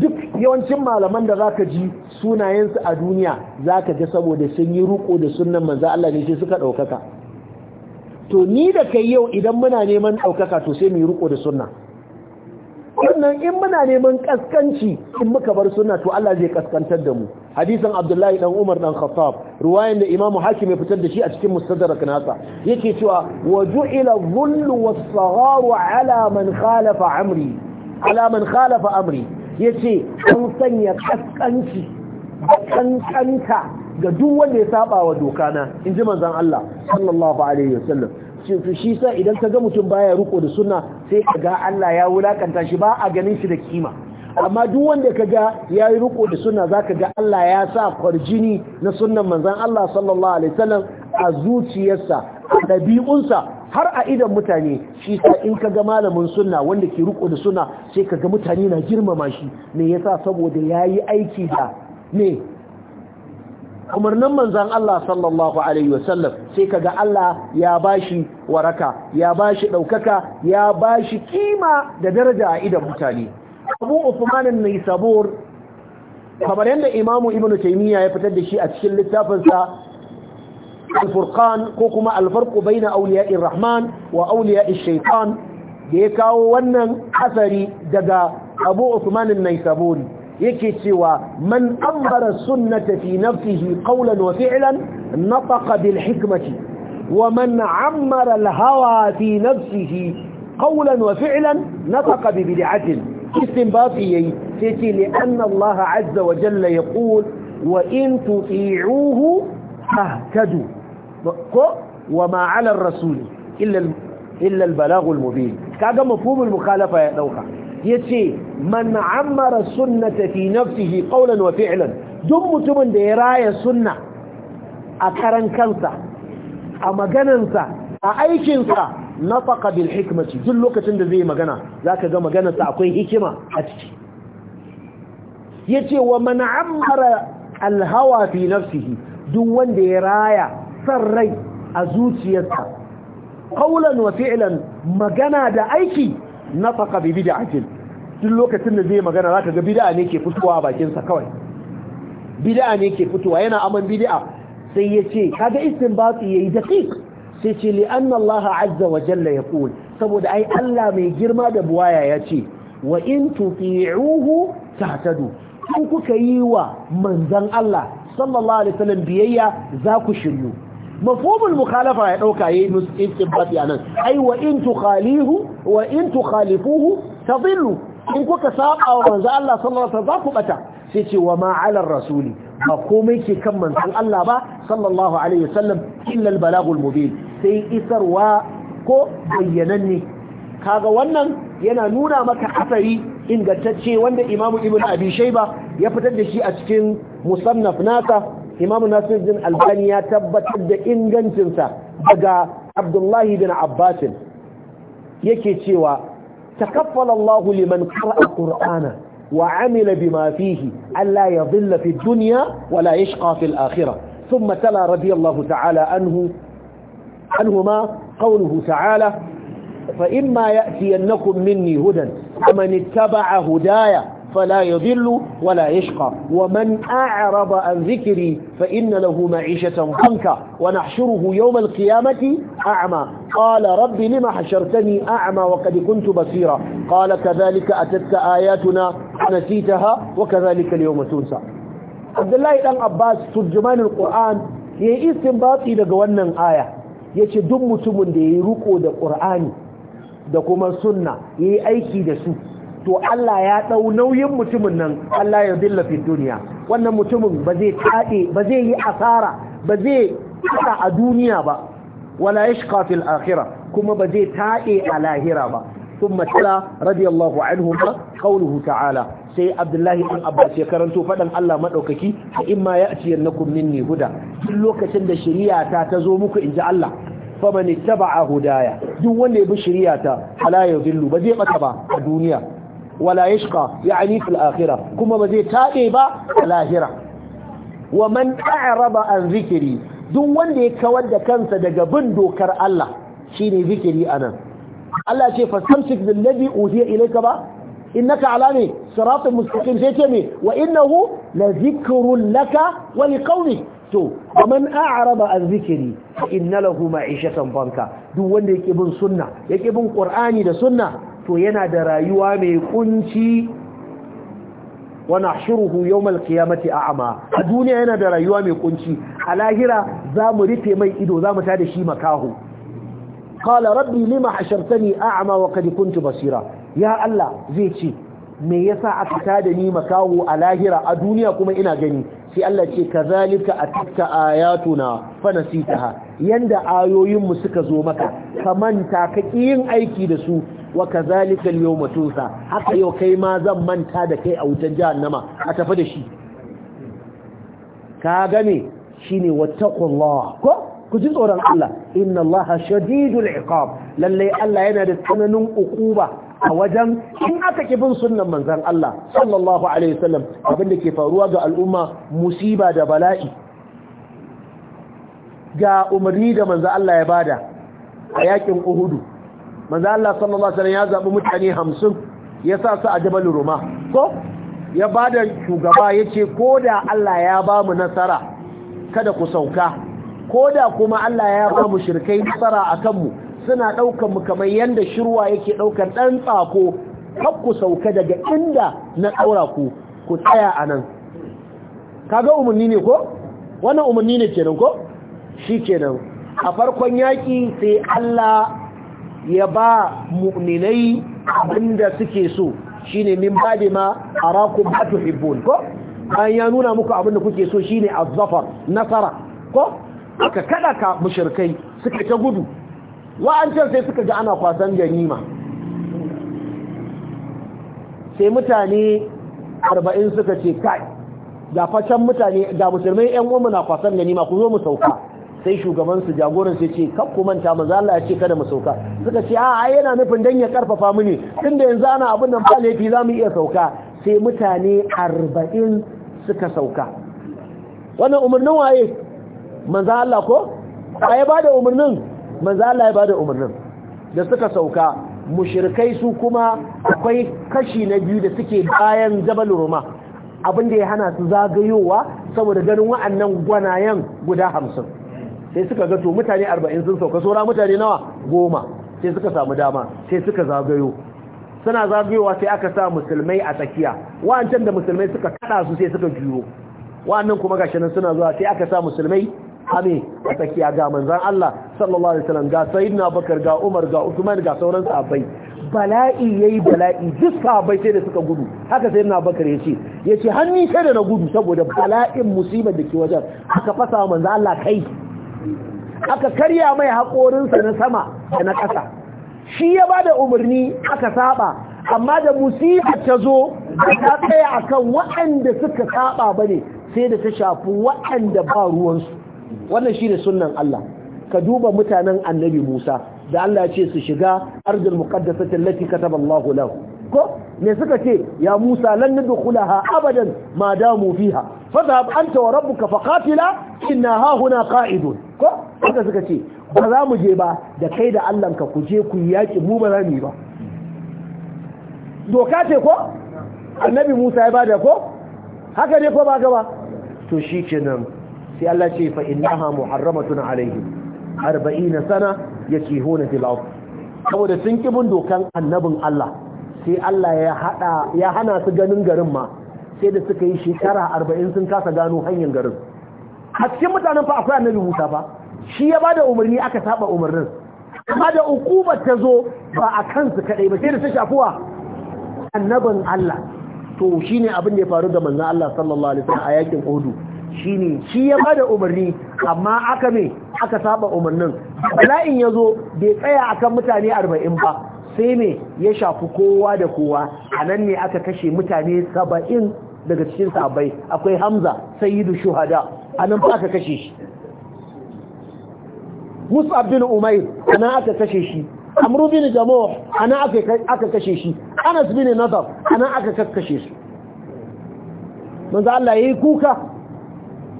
duk yawancin malaman da zaka ji sunayensu a duniya zaka ga saboda sun yi ruko da sunnan manzo Allah ne sai suka daukaka to ni da kai yau idan muna neman daukaka to sai mu ruko da sunna wannan in muna neman kaskanci in muka bar sunna to Allah zai kaskantar da mu hadisin Abdullahi dan Umar dan Khattab ruwayan da Imam Hakim ya fitar da shi a cikin Mustadrak nasa yake cewa waju'ila dhullu was wasu ala man ala man khalafa amri ya ce an sanya kaskanci kankanta ga duk wanda ya saba wa doka na in ji manzan Allah sallallahu alaihi wasallam to shi sa idan ka ga mutum baya riko da sunna sai ka ga Allah ya wulaƙanta shi ba a ganin shi da kima amma duk wanda ka ga ya yi riko da sunna zaka ga Allah ya sa kwarjini na sunnan manzan Allah sallallahu alaihi wasallam a zuciyarsa a ɗabi'unsa har a idan mutane shi sa in ka ga malamin sunna wanda ke riko da sunna sai ka ga mutane na girmama shi me yasa saboda yayi aiki da me umarnin manzan Allah sallallahu alaihi wasallam sai kaga Allah ya bashi waraka ya bashi daukaka ya bashi kima da daraja a idan mutane Abu Uthman an-Naisabur kamar yadda Imam Ibn Taymiyyah ya fitar da shi a cikin littafinsa al ko kuma alfarku farqu baina awliya'ir rahman wa awliya'ish shaytan da ya kawo wannan asari daga Abu Usman an-Naisaburi yake cewa man ambara sunnata fi nafsihi qawlan wa fi'lan nataqa bil wa man ammara al fi nafsihi قولا وفعلا نطق ببدعة استنباطي تتي لأن الله عز وجل يقول وإن تطيعوه فاهتدوا ko wa ma ala rasuli illa illa al-balagh al-mubin kaga mafhumul mukhalafa ya dauka yace man ammara sunnata fi nafsihi qawlan wa fi'lan duk mutumin da ya raya sunna a karan kansa a maganansa a aikinsa nafaqa bil hikmati duk lokacin da zai magana zaka ga maganarsa akwai hikima a ciki yace wa man ammara al-hawa fi nafsihi duk wanda ya raya san rai a zuciyarsa qawlan wa magana da aiki nafaqa bi bid'atin duk lokacin da zai magana zaka ga bid'a ne ke fitowa a bakinsa kawai bid'a ne ke fitowa yana aman bid'a sai yace kaga istinbati yayi daqiq sai ce li anna Allah azza wa jalla saboda ai Allah mai girma da buwaya yace wa in tuti'uhu tahtadu in kuka yi wa manzon Allah sallallahu alaihi wasallam biyayya za ku shiryu mafhumul mukhalafa ya dauka yayi istibati anan ai wa in tukhalihu wa in tukhalifuhu tadillu in kuka saba wa manzo Allah sallallahu alaihi wasallam ku bata sai ce wa ma ala rasuli ba komai ke kan manzon Allah ba sallallahu alaihi wasallam illa albalagul mubin sai isarwa ko bayyananne kaga wannan yana nuna maka asari ingantacce wanda imamu ibnu abi shayba ya fitar da shi a cikin musannaf nasa imamu nasiruddin albani ya tabbatar da ingancinsa daga abdullahi bin abbasin yake cewa takaffala allahu liman kara qur'ana wa amila bima fihi Allah ya fi duniya wala la yashqa fi al-akhirah thumma radiyallahu ta'ala anhu anhuma qawluhu ta'ala fa imma ya'tiyannakum minni hudan taba ittaba'a hudaya فلا يضل ولا يشقى ومن أعرض عن ذكري فإن له معيشة ضنكا ونحشره يوم القيامة أعمى قال رب لم حشرتني أعمى وقد كنت بصيرا قال كذلك أتتك آياتنا ونسيتها وكذلك اليوم تنسى عبد الله بن عباس ترجمان القرآن yayi istinbati daga wannan aya yace duk mutumin da yayi ruko da Qur'ani da kuma sunna yayi aiki da su to Allah ya ɗau nauyin mutumin nan Allah ya dilla fi duniya wannan mutumin ba zai taɗe ba zai yi asara ba zai kada a duniya ba wala yashqa fil akhirah kuma ba zai taɗe a lahira ba thumma tala radiyallahu anhu qawluhu ta'ala sai Abdullahi ibn Abbas ya karanto fadan Allah madaukaki imma ya'tiyannakum minni huda duk lokacin da shari'a ta tazo muku inji Allah ba a hudaya duk wanda ya bi shari'a ta ba zai bata ba a duniya wala yashqa yani fil akhirah kuma ba zai tabe ba lahira wa man a'rada an zikri duk wanda ya kawar da kansa daga bin dokar Allah shine zikiri anan Allah ce fastamsik bil ladhi uhiya ilayka ba innaka ala ne siratal mustaqim sai ce me wa innahu la zikrun laka wa liqawlik to man a'rada an zikri inna lahu ma'ishatan banka duk wanda yake bin sunna yake bin qur'ani da sunna to yana da rayuwa mai kunci wa yau yawmal qiyamati a'ma a duniya yana da rayuwa mai kunci a lahira zamu rufe mai ido zamu da shi makaho kala rabbi lima hashartani a'ma wa qad basira ya allah zai ce me yasa aka ta da ni makaho a lahira a duniya kuma ina gani sai Allah ce a na atatka ayatuna fanasitaha yanda ayoyinmu suka zo maka kamanta ka yin aiki da su wa kazalika al-yawma tusa haka yau kai ma zan manta da kai a wutan jahannama a tafi da shi ka gane shine wattaqullah ko ku ji tsoron Allah inna Allaha shadidul iqab lalle Allah yana da tsananin ukuba a wajen in aka ki sunnan manzon Allah sallallahu alaihi wasallam abinda ke faruwa ga al'umma musiba da bala'i ga umarni da manzon Allah ya bada a yakin Uhudu manzo Allah sallallahu alaihi ya zabi mutane 50 ya sa su a Jabal roma ko ya bada shugaba yace koda Allah ya ba mu nasara kada ku sauka koda kuma Allah ya ba mu shirkai nasara akan mu suna daukan mu kamar yanda shirwa yake daukan dan tsako har ku sauka daga inda na daura ku ku tsaya anan kaga umarni ne ko wannan umarni ne kenan ko shi kenan a farkon yaki sai Allah ya ba mu'minai abinda suke so shine min bade ma arakum ma ko an ya nuna muku abinda kuke so shine azzafar nasara ko aka kada ka mushrikai suka ta gudu Wa an ce sai suka ji ana kwasan ganima sai mutane 40 suka ce kai ga mutane ga musulmai yan uwanmu na kwasan ganima ku zo mu sauka sai shugaban su jagoran sai ce kab ku manta maza Allah ya ce kada mu sauka suka ce a'a yana nufin dan ya karfafa mu ne tunda yanzu ana abin nan ba laifi za mu iya sauka sai mutane 40 suka sauka wannan umarnin waye manzo Allah ko ba bada umarnin manzo Allah ya bada umarnin da suka sauka mushrikai su kuma akwai kashi na biyu da suke bayan Jabal Ruma da ya hana su zagayowa saboda ganin wa'annan gwanayen guda hamsin sai suka ga to mutane arba'in sun sauka sora mutane nawa goma sai suka samu dama sai suka zagayo suna zagayowa sai aka sa musulmai a tsakiya wa'ancan da musulmai suka kada su sai suka juyo wa'annan kuma gashi nan suna zuwa sai aka sa musulmai ame a tsakiya ga manzan Allah sallallahu alaihi wasallam ga sayyidina Bakar ga Umar ga Uthman ga sauran sahabbai bala'i yayi bala'i duk sahabbai sai da suka gudu haka sayyidina Bakar yace yace hanni sai da na gudu saboda bala'in musibar da ke wajen aka fasa manzan Allah kai aka karya mai haƙorinsa na sama da na ƙasa shi ya ba da umarni aka saba amma da musibar ta zo ta tsaya a kan waɗanda suka saba ba ne sai da ta shafi waɗanda ba ruwansu wannan shi ne sunan Allah ka duba mutanen annabi Musa da Allah ce su shiga ardul muqaddasati allati kataba lahu ko me suka ce ya Musa lan kulaha abadan ma damu fiha fadhhab anta wa rabbuka faqatila inna ha huna qa'idun ko haka suka ce ba za mu je ba da kai da Allah ka kuje ku yaki mu ba za mu yi ba doka ce ko annabi Musa ya bada ko haka ne ko ba ga ba to shikenan sai Allah ce fa innaha muharramatun alaihim 40 sana yakihuna fil ard saboda sun kibin dokan annabin Allah sai Allah ya hana su ganin garin ma sai da suka yi shekara 40 sun kasa gano hanyar garin a cikin mutanen fa akwai annabi Musa fa shi ya bada umarni aka saba umarnin amma da hukuma ta zo ba a kansu kadai ba sai da ta shafuwa annabin Allah to shine abin da ya faru da manzon Allah sallallahu alaihi wasallam a yakin Uhud shine shi ya bada umarni amma aka me aka saba umarnin bala'in yazo bai tsaya akan mutane 40 ba sai ne ya shafi kowa da kowa a nan ne aka kashe mutane saba'in daga cikin sabai akwai hamza sayyidu shuhada a nan aka kashe shi Musa bin umair a nan aka kashe shi amru bin jamo a nan aka kashe shi anas bin Nazar a nan aka kashe shi manzo Allah ya yi kuka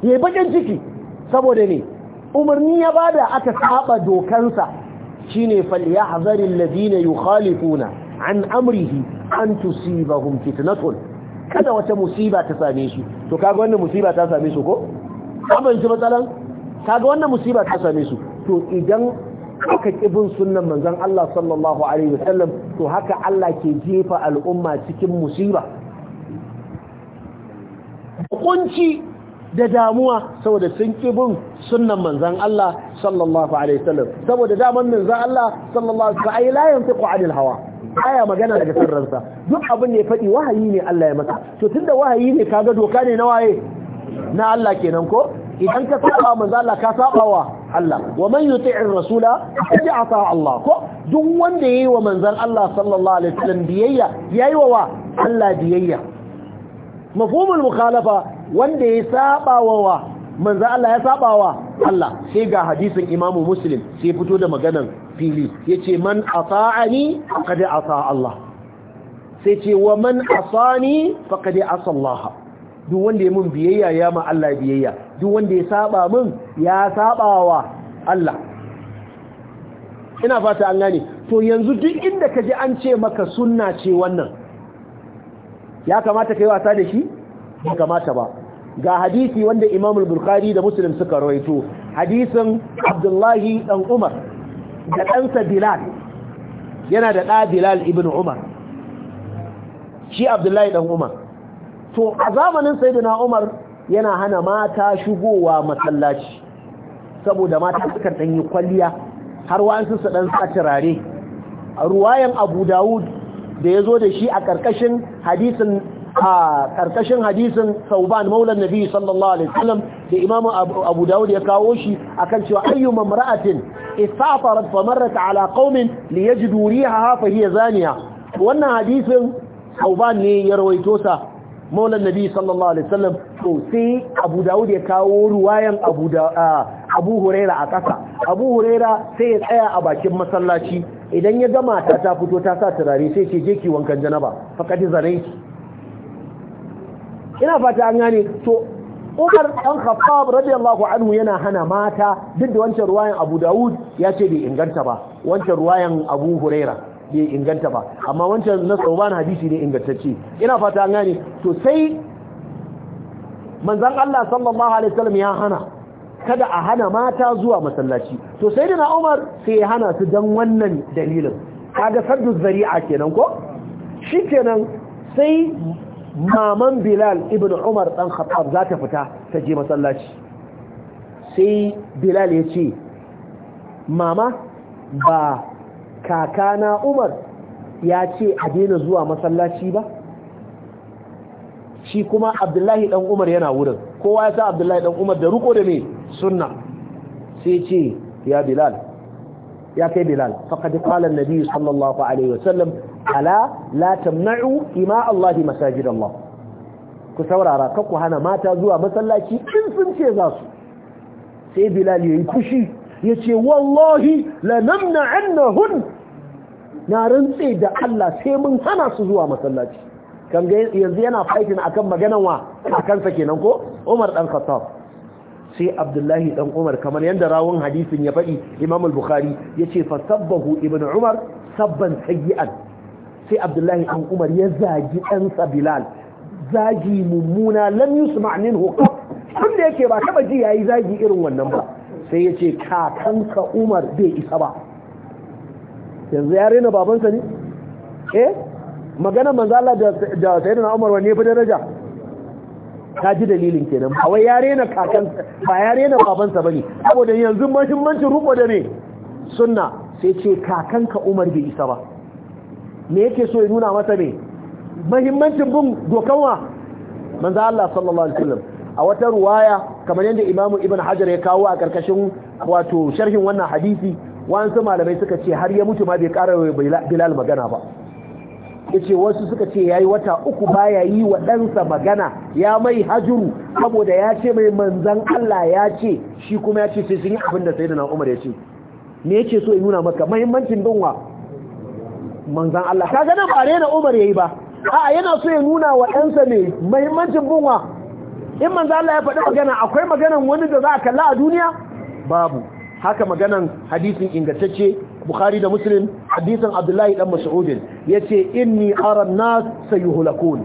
yi bakin ciki saboda ne umarni ya bada aka saba dokansa shine falyahzari alladhina yukhalifuna an amrihi an tusibahum fitnatun kada wata musiba ta same shi to kaga wannan musiba ta same su ko abin ji matsalan kaga wannan musiba ta same su to idan aka kibin sunnan manzon Allah sallallahu alaihi wasallam to haka Allah ke jefa al'umma cikin musiba hukunci da damuwa saboda sun kibin sunan manzan Allah sallallahu alaihi wasallam saboda daman manzan Allah sallallahu alaihi wasallam la yantiqu anil hawa aya magana daga sirransa duk abin ne fadi wahayi ne Allah ya masa to tunda wahayi ne kaga doka ne na waye na Allah kenan ko idan ka saba manzan Allah ka saba wa Allah wa man yuti'ir rasula yaji ata Allah ko duk wanda yayi wa manzan Allah sallallahu alaihi wasallam biyayya yayi wa Allah biyayya mafhumul mukhalafa wanda ya saba wa manzo Allah ya sabawa Allah sai ga hadisin Imam Muslim sai fito da maganan fili yace man ata'ani faqad ata Allah sai ce wa man asani faqad asa Allah duk wanda ya mun biyayya ya ma Allah biyayya duk wanda ya saba mun ya saba wa Allah ina fata an gane to yanzu duk inda kaje an ce maka sunna ce wannan ya kamata ka yi wasa da shi? ba kamata ba ga hadisi wanda Imam al-Bukhari da Muslim suka rawaito hadisin Abdullahi dan Umar da ɗansa Bilal yana da ɗa Bilal ibn Umar shi Abdullahi dan Umar to a zamanin Sayyidina Umar yana hana mata shigowa masallaci saboda mata sukan dan yi kwalliya har wa'ansu su dan sa turare ruwayan Abu Dawud da yazo da shi a karkashin hadisin a karkashin hadisin sauban maulan nabi sallallahu alaihi wasallam da imam abu dawud ya kawo shi akan cewa ayyuma mamra'atin istafarat fa marrat ala qaumin liyajidu rihaha fa hiya zaniya wannan hadisin sauban ne ya rawaito sa maulan nabi sallallahu alaihi wasallam to sai abu dawud ya kawo ruwayan abu da abu huraira a ƙasa abu huraira sai ya tsaya a bakin masallaci idan ya gama ta ta fito ta sa turare sai ce je ki wankan janaba faqad zanaiki ina fata an gane to Umar dan Khattab radiyallahu anhu yana hana mata duk da wancan ruwayan Abu Dawud ya ce bai inganta ba wancan ruwayan Abu Huraira bai inganta ba amma wancan na Sauban hadisi ne ingantacce ina fata an gane to sai manzon Allah sallallahu alaihi wasallam ya hana kada a hana mata zuwa masallaci to sai da Umar sai ya hana su dan wannan dalilin kaga saddu zari'a kenan ko shikenan sai maman bilal ibn umar dan khattab za ta fita ta je masallaci sai bilal ya ce mama ba kakana umar ya ce a daina zuwa masallaci ba shi kuma abdullahi dan umar yana wurin kowa ya sa abdullahi dan umar da ruko da me sunna sai ce ya bilal ya kai bilal faqad qala an-nabi sallallahu alaihi wasallam ala la tamna'u ima Allah masajid Allah ku saurara kakku hana mata zuwa masallaci in sun ce za su sai bilal yayi kushi yace wallahi la namna'annahun na rantse da Allah sai mun hana su zuwa masallaci kan ga yanzu yana fighting akan maganan wa kansa kenan ko Umar dan Khattab sai Abdullahi dan Umar kamar yanda rawun hadisin ya faɗi Imam al-Bukhari yace fasabbahu ibnu Umar sabban sayyi'an sai abdullahi ɗan umar ya zagi ɗansa bilal zagi mummuna lam yusma minhu qat tun da yake ba taba ji yayi zagi irin wannan ba sai ya ce kakanka umar bai isa ba yanzu ya rena babansa ne eh magana manzo da da sayyidina umar wanne fi daraja ta ji dalilin kenan ba wai ya rena kakan ba ya rena babansa bane saboda yanzu mahimmancin ruko da ne sunna sai ce kakanka umar bai isa ba me yake so ya nuna masa ne mahimmancin bin dokanwa manzo Allah sallallahu alaihi wasallam a wata ruwaya kamar yadda Imam ibn hajar ya kawo a karkashin wato sharhin wannan hadisi wasu malamai suka ce har ya mutu ma bai ƙara bilal magana ba yace wasu suka ce yayi wata uku baya yi wa ɗansa magana ya mai hajuru saboda ya ce mai manzan Allah ya ce shi kuma ya ce sai sun yi abin da sayyidina Umar ya ce me yake so ya nuna maka muhimmancin dunwa manzan Allah kaga nan ba rena Umar yayi ba a yana so ya nuna wa yansa ne muhimmancin bunwa in manzan Allah ya faɗi magana akwai maganan wani da za a kalla a duniya babu haka maganan hadisin ingantacce Bukhari da Muslim hadisin Abdullahi dan Mas'ud yace inni ara an-nas sayuhlakun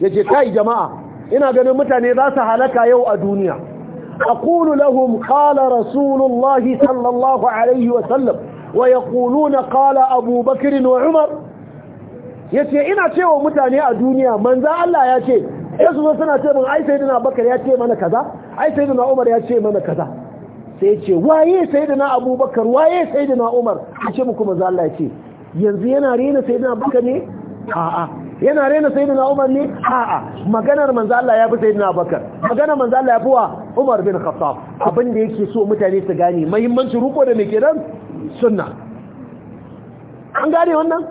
yace kai jama'a ina ganin mutane za su halaka yau a duniya aqulu lahum qala rasulullahi sallallahu alaihi wa sallam ويقولون قال أبو بكر وعمر yace ina cewa mutane a duniya manzo Allah ya ce sai su zo suna ce min ai sayyidina Abubakar ya ce mana kaza ai sayyidina Umar ya ce mana kaza sai ya ce waye sayyidina Abubakar waye sayyidina Umar ce muku manzo Allah ya ce yanzu yana rena sayyidina Abubakar ne a'a yana rena sayyidina Umar ne a'a maganar manzo Allah ya fi sayyidina Abubakar maganar manzo Allah ya fi wa Umar bin Khattab abin da yake so mutane su gane muhimmancin ruko da me kenan sunna an gane wannan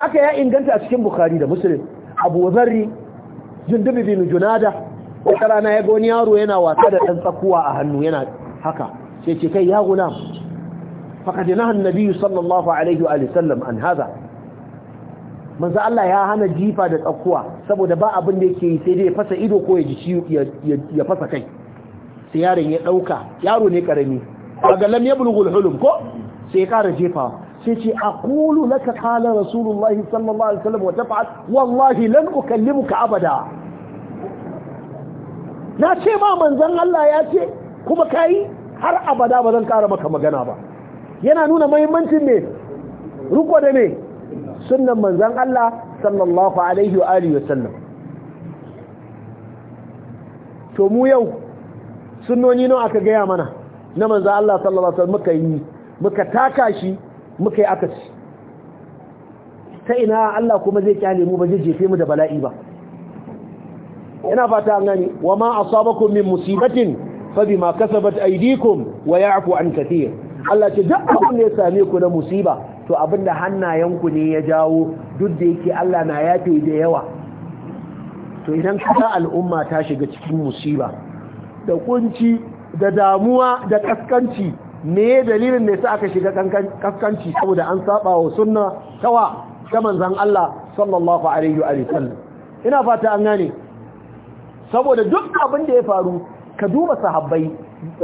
aka ya inganta a cikin bukari da musulun abu zarri jundubi bin junada wata rana ya goni yaro yana wasa da ɗan tsakuwa a hannu yana haka sai ce kai ya gulam na nabiyu sallallahu alaihi wa sallam an haza manzo Allah ya hana jifa da tsakuwa saboda ba abin da yake yi sai dai ya fasa ido ko ya ji ya fasa kai sai yaron ya ɗauka. yaro ne karami a galan ya bulgul hulum ko sai ya ƙara jefa sai ce aqulu laka qala rasulullah sallallahu alaihi wasallam wa taf'al wallahi lan ukallimuka abada na ce ma manzon Allah ya ce kuma kai har abada ba zan ƙara maka magana ba yana nuna muhimmancin ne riko da ne sunnan manzon Allah sallallahu alaihi wa alihi wasallam to mu yau sunnoni nawa aka gaya mana na manzon Allah sallallahu alaihi wasallam muka yi muka taka shi muka yi akasi ta ina Allah kuma zai kyale mu ba zai jefe mu da bala'i ba ina fata an gani wa ma asabakum min musibatin fa bima kasabat aydikum wa ya'fu an kathir Allah ce duk abin da ya same ku da musiba to abinda hannayenku ne ya jawo duk da yake Allah na yafe da yawa to idan kasa al'umma ta shiga cikin musiba da kunci da damuwa da kaskanci me dalilin da sa aka shiga kaskanci saboda an saba wa sunna tawa ta manzan Allah sallallahu alaihi wa sallam ina fata an gane saboda duk abin da ya faru ka duba sahabbai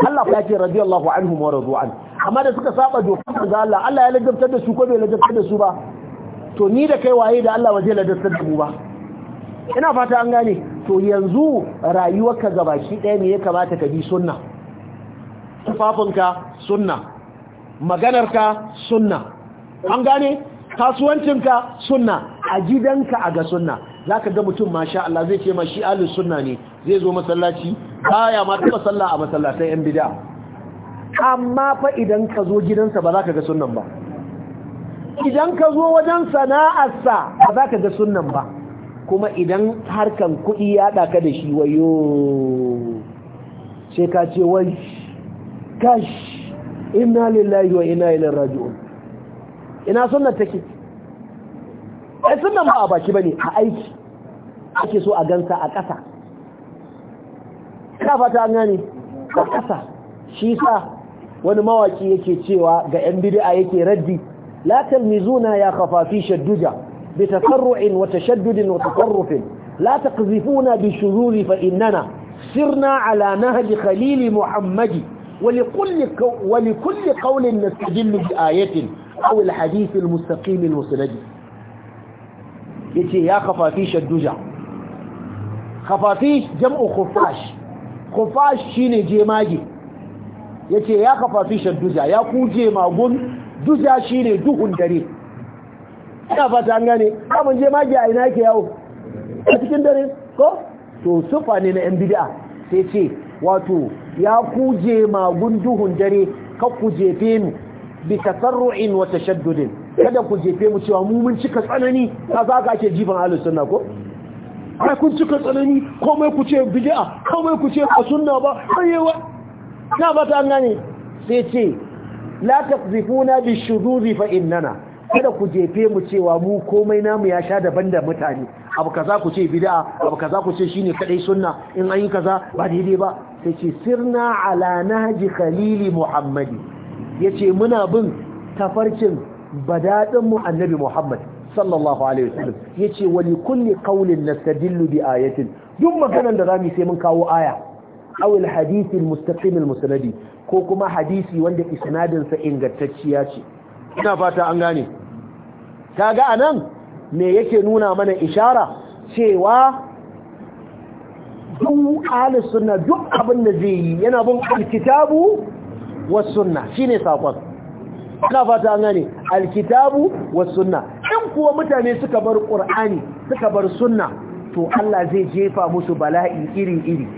Allah ya ce radiyallahu anhum wa radwan amma da suka saba dokar manzon Allah Allah ya lajabtar da su ko bai lajabtar da su ba to ni da kai waye da Allah waje lajabtar da mu ba ina fata an gane to yanzu rayuwarka gabashi ɗaya ne ya kamata ka bi sunna tufafinka sunna maganarka sunna an gane kasuwancinka sunna a gidanka a ga sunna za ka ga mutum masha Allah zai ce ma shi ahlus sunna ne zai zo masallaci baya ma taba sallah a masallatan yan bid'a amma fa idan ka zo gidansa ba za ka ga sunnan ba idan ka zo wajen sana'arsa ba za ka ga sunnan ba kuma idan harkan kuɗi ya ɗaka da shi wayo sai ka ce wai kash inna lillahi wa inna ilaihi raji'un ina sunnar take ai sunnan ba a baki bane a aiki ake so a gansa a ƙasa ina fata gane a ƙasa shi sa wani mawaki yake cewa ga yan bid'a yake raddi la talmizuna ya khafafi shadduja bi tafarru'in wa tashaddudin wa tafarrufin la taqzifuna bi shururi fa innana sirna ala nahji khalil muhammadi ولكل ولكل قول نستدل بآية أو الحديث المستقيم المسند يتي يا خفافيش الدجع خفافيش جمع خفاش خفاش شيني جيماجي yace ya kafafi shadduja ya kuje magun duja shine duhun dare ina fata an gane kamun je magi a ina yake yawo a cikin dare ko to sufa ne na yan bid'a sai ce wato ya kuje magun duhun dare ka kuje jefe mu bi tasarru'in wa tashaddudin kada ku jefe mu cewa mu mun cika tsanani ka za ka ake jifan ahlus sunna ko ai kun cika tsanani komai ku ce bid'a komai ku ce sunna ba ayewa na ba ta an gane sai ce la taqzifuna bi shudud fa innana kada ku jefe mu cewa mu komai namu ya sha daban da mutane abu kaza ku ce bid'a abu kaza ku ce shine kadai sunna in an yi kaza ba daidai ba sai ce sirna ala nahji khalili muhammadi yace muna bin tafarkin badadin mu annabi muhammad sallallahu alaihi wasallam yace wa li kulli qawlin nastadillu bi ayatin duk maganar da zamu sai mun kawo aya aw al hadith al mustaqim al musnadi ko kuma hadisi wanda isnadinsa ingantacciya ce ina fata an gane kaga anan me yake nuna mana ishara cewa duk ahli sunna duk abin da zai yi yana bin alkitabu was sunna shine sakon ina fata an gane alkitabu was sunna in kuwa mutane suka bar qur'ani suka bar sunna to Allah zai jefa musu bala'i iri iri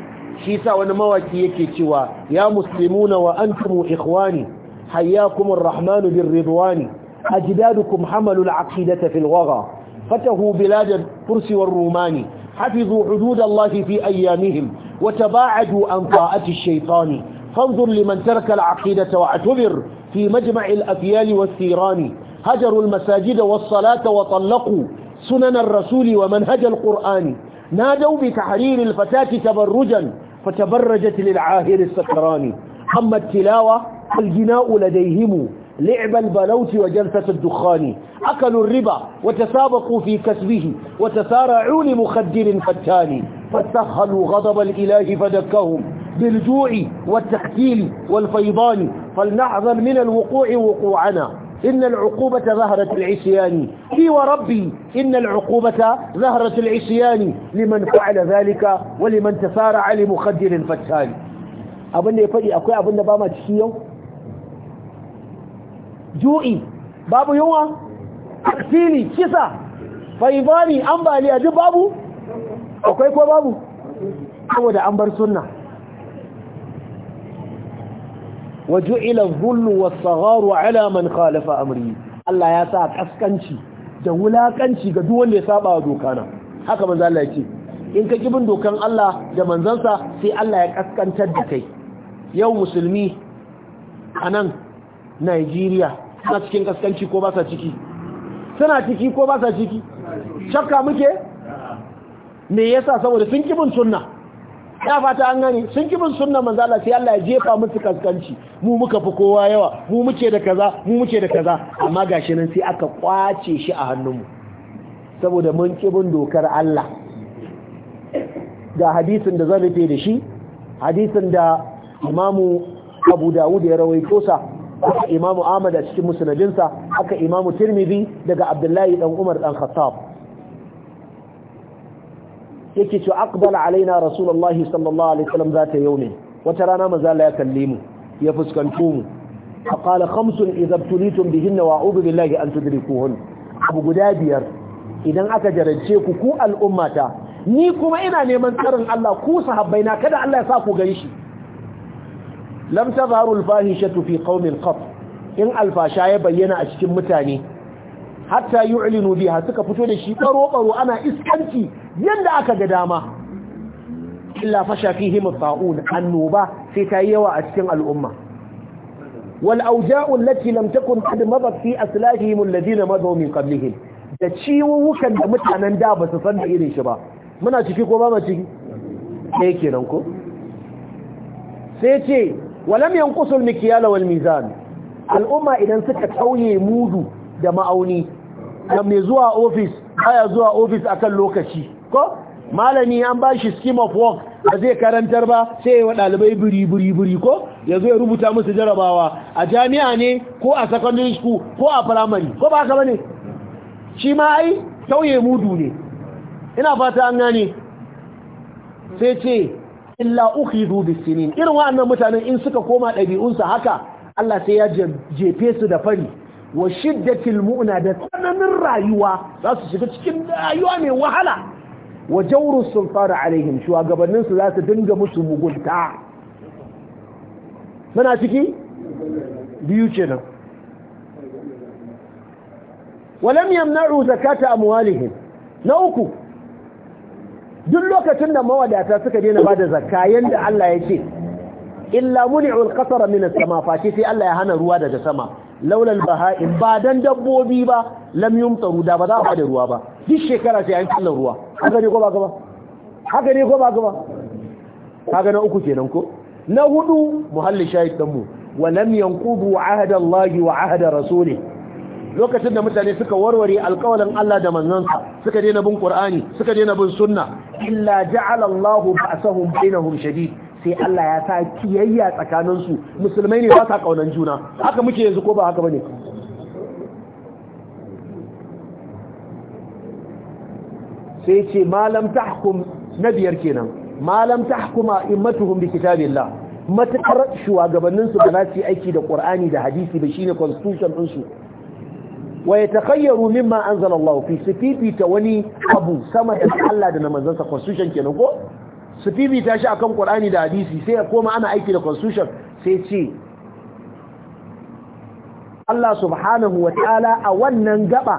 shi sa wani mawaki yake cewa ya muslimuna wa antum ikhwani حياكم الرحمن بالرضوان أجدادكم حملوا العقيدة في الوغى فتهوا بلاد الفرس والرومان حفظوا حدود الله في أيامهم وتباعدوا عن طاعة الشيطان فانظر لمن ترك العقيدة واعتبر في مجمع الأفيال والثيران هجروا المساجد والصلاة وطلقوا سنن الرسول ومنهج القرآن نادوا بتحرير الفتاة تبرجا فتبرجت للعاهر السكران أما التلاوة الجناء لديهم لعب البلوت وجلسة الدخان أكلوا الربا وتسابقوا في كسبه وتسارعوا لمخدر فتان فاتخلوا غضب الإله فدكهم بالجوع والتقتيل والفيضان فلنحذر من الوقوع وقوعنا إن العقوبة ظهرة العصيان لي وربي إن العقوبة ظهرة العصيان لمن فعل ذلك ولمن تسارع لمخدر فتان abin da ya faɗi akwai abin da ba ma ciki yau ju'i babu yunwa fili kisa faibani ambaliya duk babu akwai ko babu saboda an bar sunna وجعل الظل والصغار على alaman Khalifa Amri. Allah ya sa kaskanci da wulakanci ga duwanda da ya saba wa doka na. haka manzo Allah ce. in ka kibin dokan Allah da manzansa sai Allah ya kaskantar da kai yau musulmi a nan nigeria suna cikin kaskanci ko ba sa ciki suna ciki ko ba sa ciki shakka muke me yasa saboda sun kibin sunna ya fata an gani sun kibin sunna manzala sai Allah ya jefa musu kaskanci mu muka fi kowa yawa mu muke da kaza mu muke da kaza amma gashi nan sai aka kwace shi a hannunmu saboda mun kibin dokar Allah ga hadisin da zan rufe da shi hadisin da imamu abu dawud ya rawaito sa haka imamu ahmad a cikin musnadinsa aka imamu tirmidhi daga abdullahi dan umar dan khattab yake cewa aqbala alaina rasulullahi sallallahu alaihi wasallam zata ne wata rana manzo Allah ya kalli mu ya fuskanci mu فقال خمس إذا bihinna بهن وأعوذ an أن تدركوهن abu guda biyar idan aka jarance ku ku al'ummata ni kuma ina neman tsarin Allah ku sahabbaina kada Allah ya sa ku gani shi lam tazharu al-fahishatu fi qaumin qat in alfasha ya bayyana a cikin mutane hatta yu'linu biha suka fito da shi Karo-karo ana iskanci yanda aka ga dama illa fasha fihim at-ta'un annuba sai ta yawa a cikin al'umma wal awja'u allati lam takun qad madat fi aslafihim alladhina madaw min qablihim da ciwuwukan da mutanen da ba su san da irin shi ba muna ciki ko ba mu ciki eh kenan ko sai ce walam yanqusu al-mikyal al'umma idan suka tauye mudu da ma'auni da mai zuwa office baya zuwa ofis akan lokaci ko malami an bashi scheme of work ba zai karantar ba sai wa dalibai buri buri buri ko yazo ya rubuta musu jarabawa a jami'a ne ko a secondary school ko a primary ko ba haka bane shi ma ai tauye mudu ne ina fata an gane sai ce illa ukhidhu bisinin irin wa'annan mutanen in suka koma ɗabi'unsa haka Allah sai ya jefe su da fari wa shiddatil mu'na da tsananin rayuwa za su shiga cikin rayuwa mai wahala wa jawru sultana alaihim shugabannin su za su dinga musu mugunta muna ciki biyu kenan walam yamna'u zakata amwalihim na uku duk lokacin da mawadata suka daina ba da zakka yanda Allah ya ce illa muni'ul qasara min as-sama fashi sai Allah ya hana ruwa daga sama laula al-baha'im ba dan dabbobi ba lam yumtaru da ba za a da ruwa ba duk shekara sai an kalla ruwa haka ne ko ba gaba haka ne ko ba gaba kaga na uku kenan ko na hudu muhalli shahid dan mu wa lam yanqudu ahda Allah wa ahda rasulih lokacin da mutane suka warware alƙawalin Allah da manzansa suka daina bin Qur'ani suka daina bin sunna illa ja'ala Allahu ba'sahum bainahum shadid sai Allah ya sa kiyayya tsakanin su musulmai ne ba sa kaunan juna haka muke yanzu ko ba haka bane sai ce malam tahkum na biyar kenan malam tahkuma immatuhum bi kitabillah matakar shugabanninsu da za su yi aiki da Qur'ani da hadisi ba shine constitution ɗinsu wa yatakhayyaru mimma anzala Allah fi sififita wani abu sama da Allah da manzon sa constitution kenan ko sififita shi akan ƙur'ani da hadisi sai ya koma ana aiki da constitution sai ce Allah subhanahu wa ta'ala a wannan gaba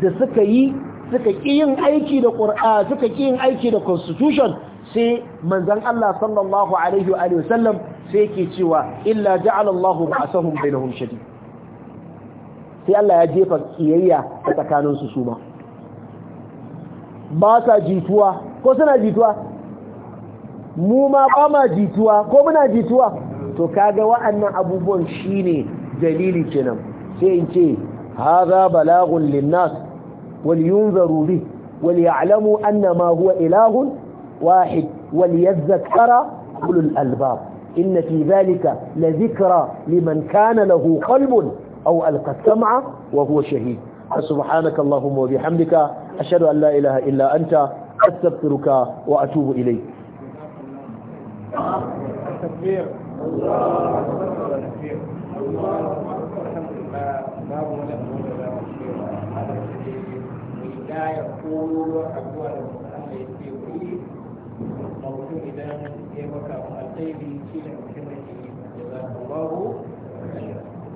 da suka yi suka kiyin aiki da Qur'ani suka kiyin aiki da constitution sai manzon Allah sallallahu alaihi wa alihi wasallam sai yake cewa illa sai Allah ya jefa kiyayya a tsakaninsu su ba sa jituwa ko suna jituwa mu ma ba ma jituwa ko muna jituwa to kaga wa'annan abubuwan shine dalili kenan sai in ce hadha balagun linnas wal yunzaru bi wal anna ma huwa ilahun wahid wal yadhakkara ulul albab inna fi dhalika la dhikra liman kana lahu qalbun أو ألقى السمع وهو شهيد فسبحانك اللهم وبحمدك أشهد أن لا إله إلا أنت أستغفرك وأتوب إليك تكبير الله أكبر تكبير الله أكبر الحمد لله لا حول ولا قوة إلا بالله لا يقول أقوال المتأمل في وعيد موضوع إذا يبقى الخير في الكلمة جزاك الله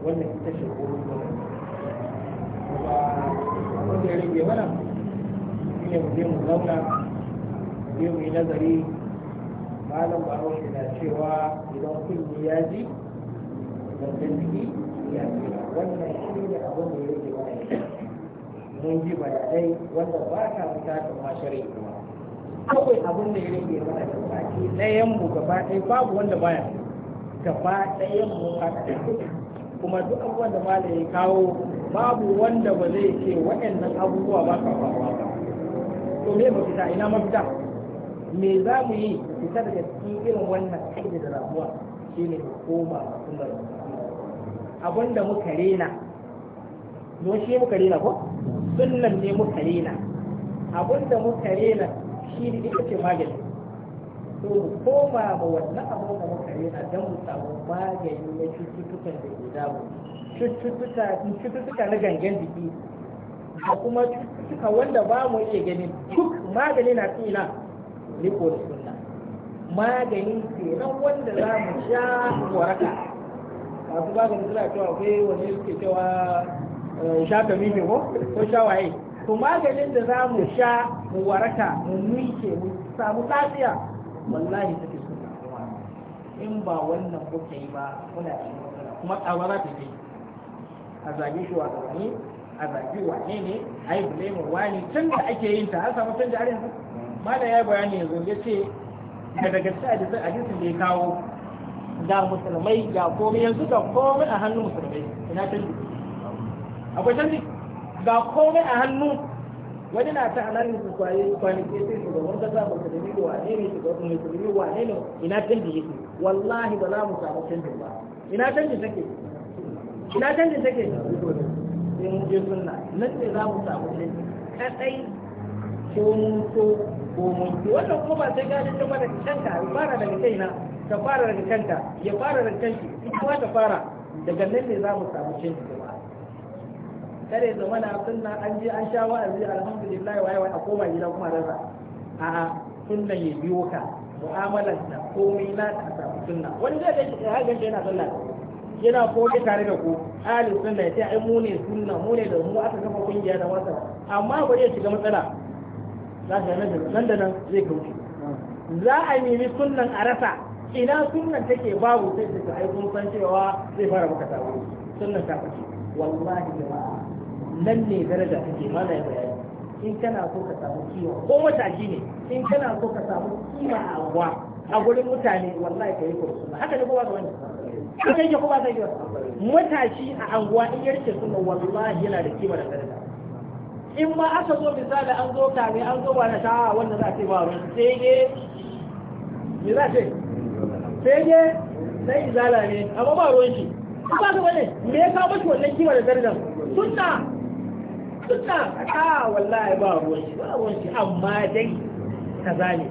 wannan ita ce horon gwamnati kuma abin da ya rage mana shi ne mu je mu zauna mu je mu yi nazari malam ba hausa na cewa idan kulli ya ji gangan jiki ya ji wannan shi ne abin da ya rage mana mun ji bayanai wanda ba ta bukatar ma shari'a kawai abin da ya rage mana da baki ɗayan mu gaba ɗaya babu wanda baya gaba ɗayan mu haka kuma duk abubuwan da malam ya kawo babu wanda ba zai ce waɗannan abubuwa ba ka faruwa ba to me mafita ina mafita me za mu yi fita daga cikin irin wannan kaidar da ramuwa shine mu koma a sunnar abin da muka rena don shi muka rena ko sunnan ne muka rena abin da muka rena shi ne ita ce magani so mu koma ma wannan abu da muka rena don mu samu magani na cututtukan da ke damu cututtuka na gangan jiki da kuma cututtuka wanda ba mu iya gani duk magani na tsina ko da sunna magani kenan wanda za mu sha waraka masu magani suna cewa akwai wani suke cewa eh, sha kamimi ko ko sha waye to maganin da za mu sha mu waraka mu mike mu samu lafiya wallahi ta fi suna in ba wannan kuka yi ba kuna yi matsala kuma tsawa za ta yi a zagi shi wa ne a zagi wane ne a yi bulemin wani tun da ake yin ta an samu canji har yanzu ma da ya bayani yanzu ya ce da daga cikin hadisin hadisin da ya kawo ga musulmai ga komai yanzu ga komai a hannun musulmai ina canji akwai canji ga komai a hannun wani na ta halarin su kwaye kwanaki sai shugaban kasa ba su dami wane ne shugaban mai su dami wane ne ina canji yake wallahi ba za mu samu canji ba ina canji take ina canji take sai mun je sunna nan ne za mu samu canji kadai ko mun so ko mun ki wannan kuma ba sai gani ta mana kanka fara daga kaina ta fara daga kanta. ya fara daga kanki ita ma ta fara daga nan ne za mu samu canji kare da mana sunna an je an sha wa'azi alhamdulillah waye waye a koma gida kuma rasa a'a sunna ya biyo ka mu'amalar da komai na ta samu sunna wani zai ga har ganin yana sunna yana koke tare da ku ahli sunna ya ce ai mu ne sunna mu ne da mu aka kafa kungiya da wasa amma ba zai shiga matsala za ka da nan da nan zai kauce za a nemi sunnan a rasa ina sunnan take babu sai su ai kun san cewa zai fara maka tawo sunnan ta fice wallahi jama'a nan ne daraja take mana ya bayani in kana so ka samu kima ko matashi ne in kana so ka samu kima a anguwa a gurin mutane wallahi kai yi kursu haka ne ko ba wani kai ko ba sai wani matashi a anguwa in yarke rike suna wallahi yana da kima da daraja in ma aka zo misali an zo kame an zo wani ta wanda za a ce ba wani sai dai me za ce sai dai sai izala ne amma ba ruwan shi ba ka bane me ya kawo mashi wannan kima da daraja sunna suna a wallahi ba ruwan shi ba ruwan amma dai kaza ne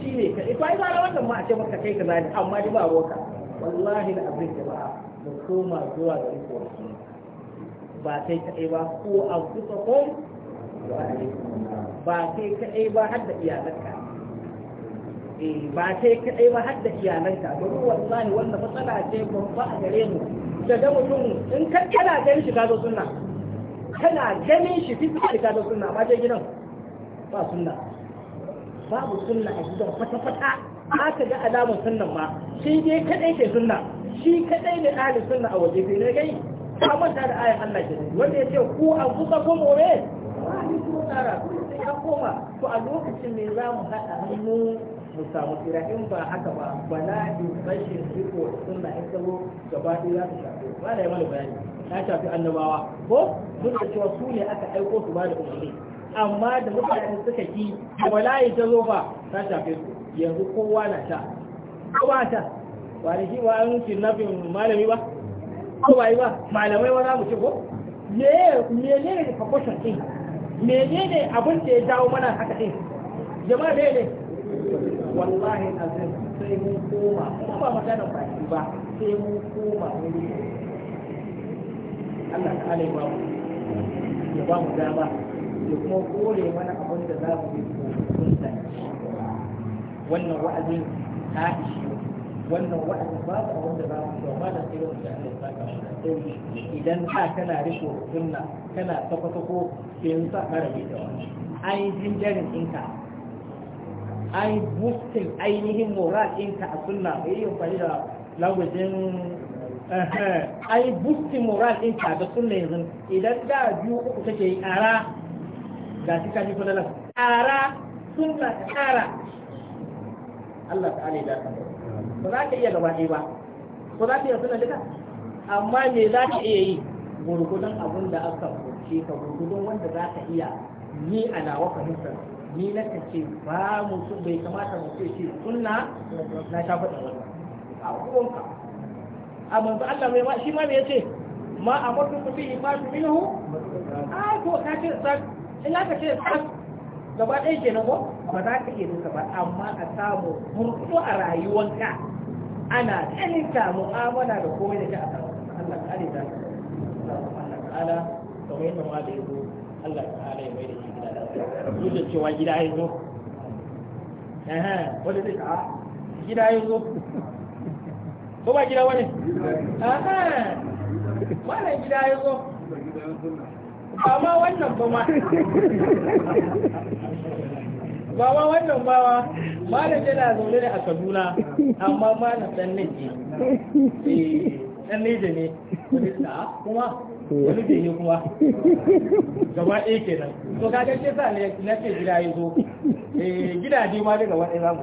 shi ne ka ifa ina da wannan ma a ce maka kai kaza ne amma dai ba ruwanka wallahi da abin da ba mu koma zuwa ga riko ba sai kaɗai ba ko an kusa ko ba sai kaɗai ba har da iyalanka eh, ba sai kaɗai ba har da iyalanka domin wallahi wannan matsala ce babba a gare mu da mutum in kan kana ganin shi ka zo sunna kana ganin shi fi ka da sunna ba dai gidan ba sunna babu sunna a gidan kwata-kwata aka ga alamun sunnan ma shi dai kadai ke sunna shi kadai ne ahli sunna a waje bai ne gai ka manta da ayan Allah ke wanda ya ce ku an kuka ko more tsara sai ka koma to a lokacin ne za mu haɗa hannu mu samu tsira in ba haka ba bala in rashin riko sunna in gaba ɗaya za su shafe ba da mana bayani ta shafi annabawa ko duk da cewa su ne aka aiko su ba da umarni amma da mutane suka ki walayi ta zo ba ta shafe su yanzu kowa na ta ko ba ta ba da shi ba an ci nafin malami ba ko ba yi ba malamai ba za mu ci ko mele ne ne proportion din mele ne abin da ya dawo mana haka din jama'a ne ne wallahi azim sai mun koma kuma ba maganar baki ba sai mun koma wani Allah ta alai ba ya ba mu dama ya kuma kore mana abin da za mu yi kunta wannan wa'azin ta ishe wannan wa'azin ba su abin da za mu yi ba da sai da Allah ya saka mu da sauri idan ta kana riko sunna kana sako-sako sai yin sa harabi da wani an yi jinjarin ɗinka an yi boosting ainihin moral ɗinka a sunna bai yi amfani da lagwajin ai boosting moral din ta da sunna yanzu idan da biyu uku take yi ƙara ga shi ka ji nan. ƙara sunna ara Allah ta'ala ya dace ba za ka iya gaba ɗaya ba ko za ka iya sunna duka amma me za ka iya yi gurgudun abin da aka kurce ka gurgudun wanda za ka iya ni a nawa fahimtar ni na kan ce ba mu bai kamata mu ce sunna na shafa ɗan wani a hukunka a manzo Allah mai ma shi ma me yace ma amatu ku bi ma minhu ai ko ka ce sak in aka ce sak gaba ɗaya kenan ko ba za ka iya ba amma a samu murtu a rayuwanka ana tsananta mu'amala da komai da ke a kan Allah ta ne ta Allah ta'ala kamar yadda ma da yazo Allah ta'ala ya mai da shi gida da duk da cewa gida ya zo zai ka ah, gida ya zo ko ba gida wani malam gida ya zo ba ma wannan ba ma ba ma wannan ba ma malam yana zaune ne a kaduna amma malam dan nan ne eh, dan ne ne kuma wani da ne kuma gaba ɗaya kenan to kaga shi sa ne na ce gida ya zo eh, gidaje ma daga waɗanda zamu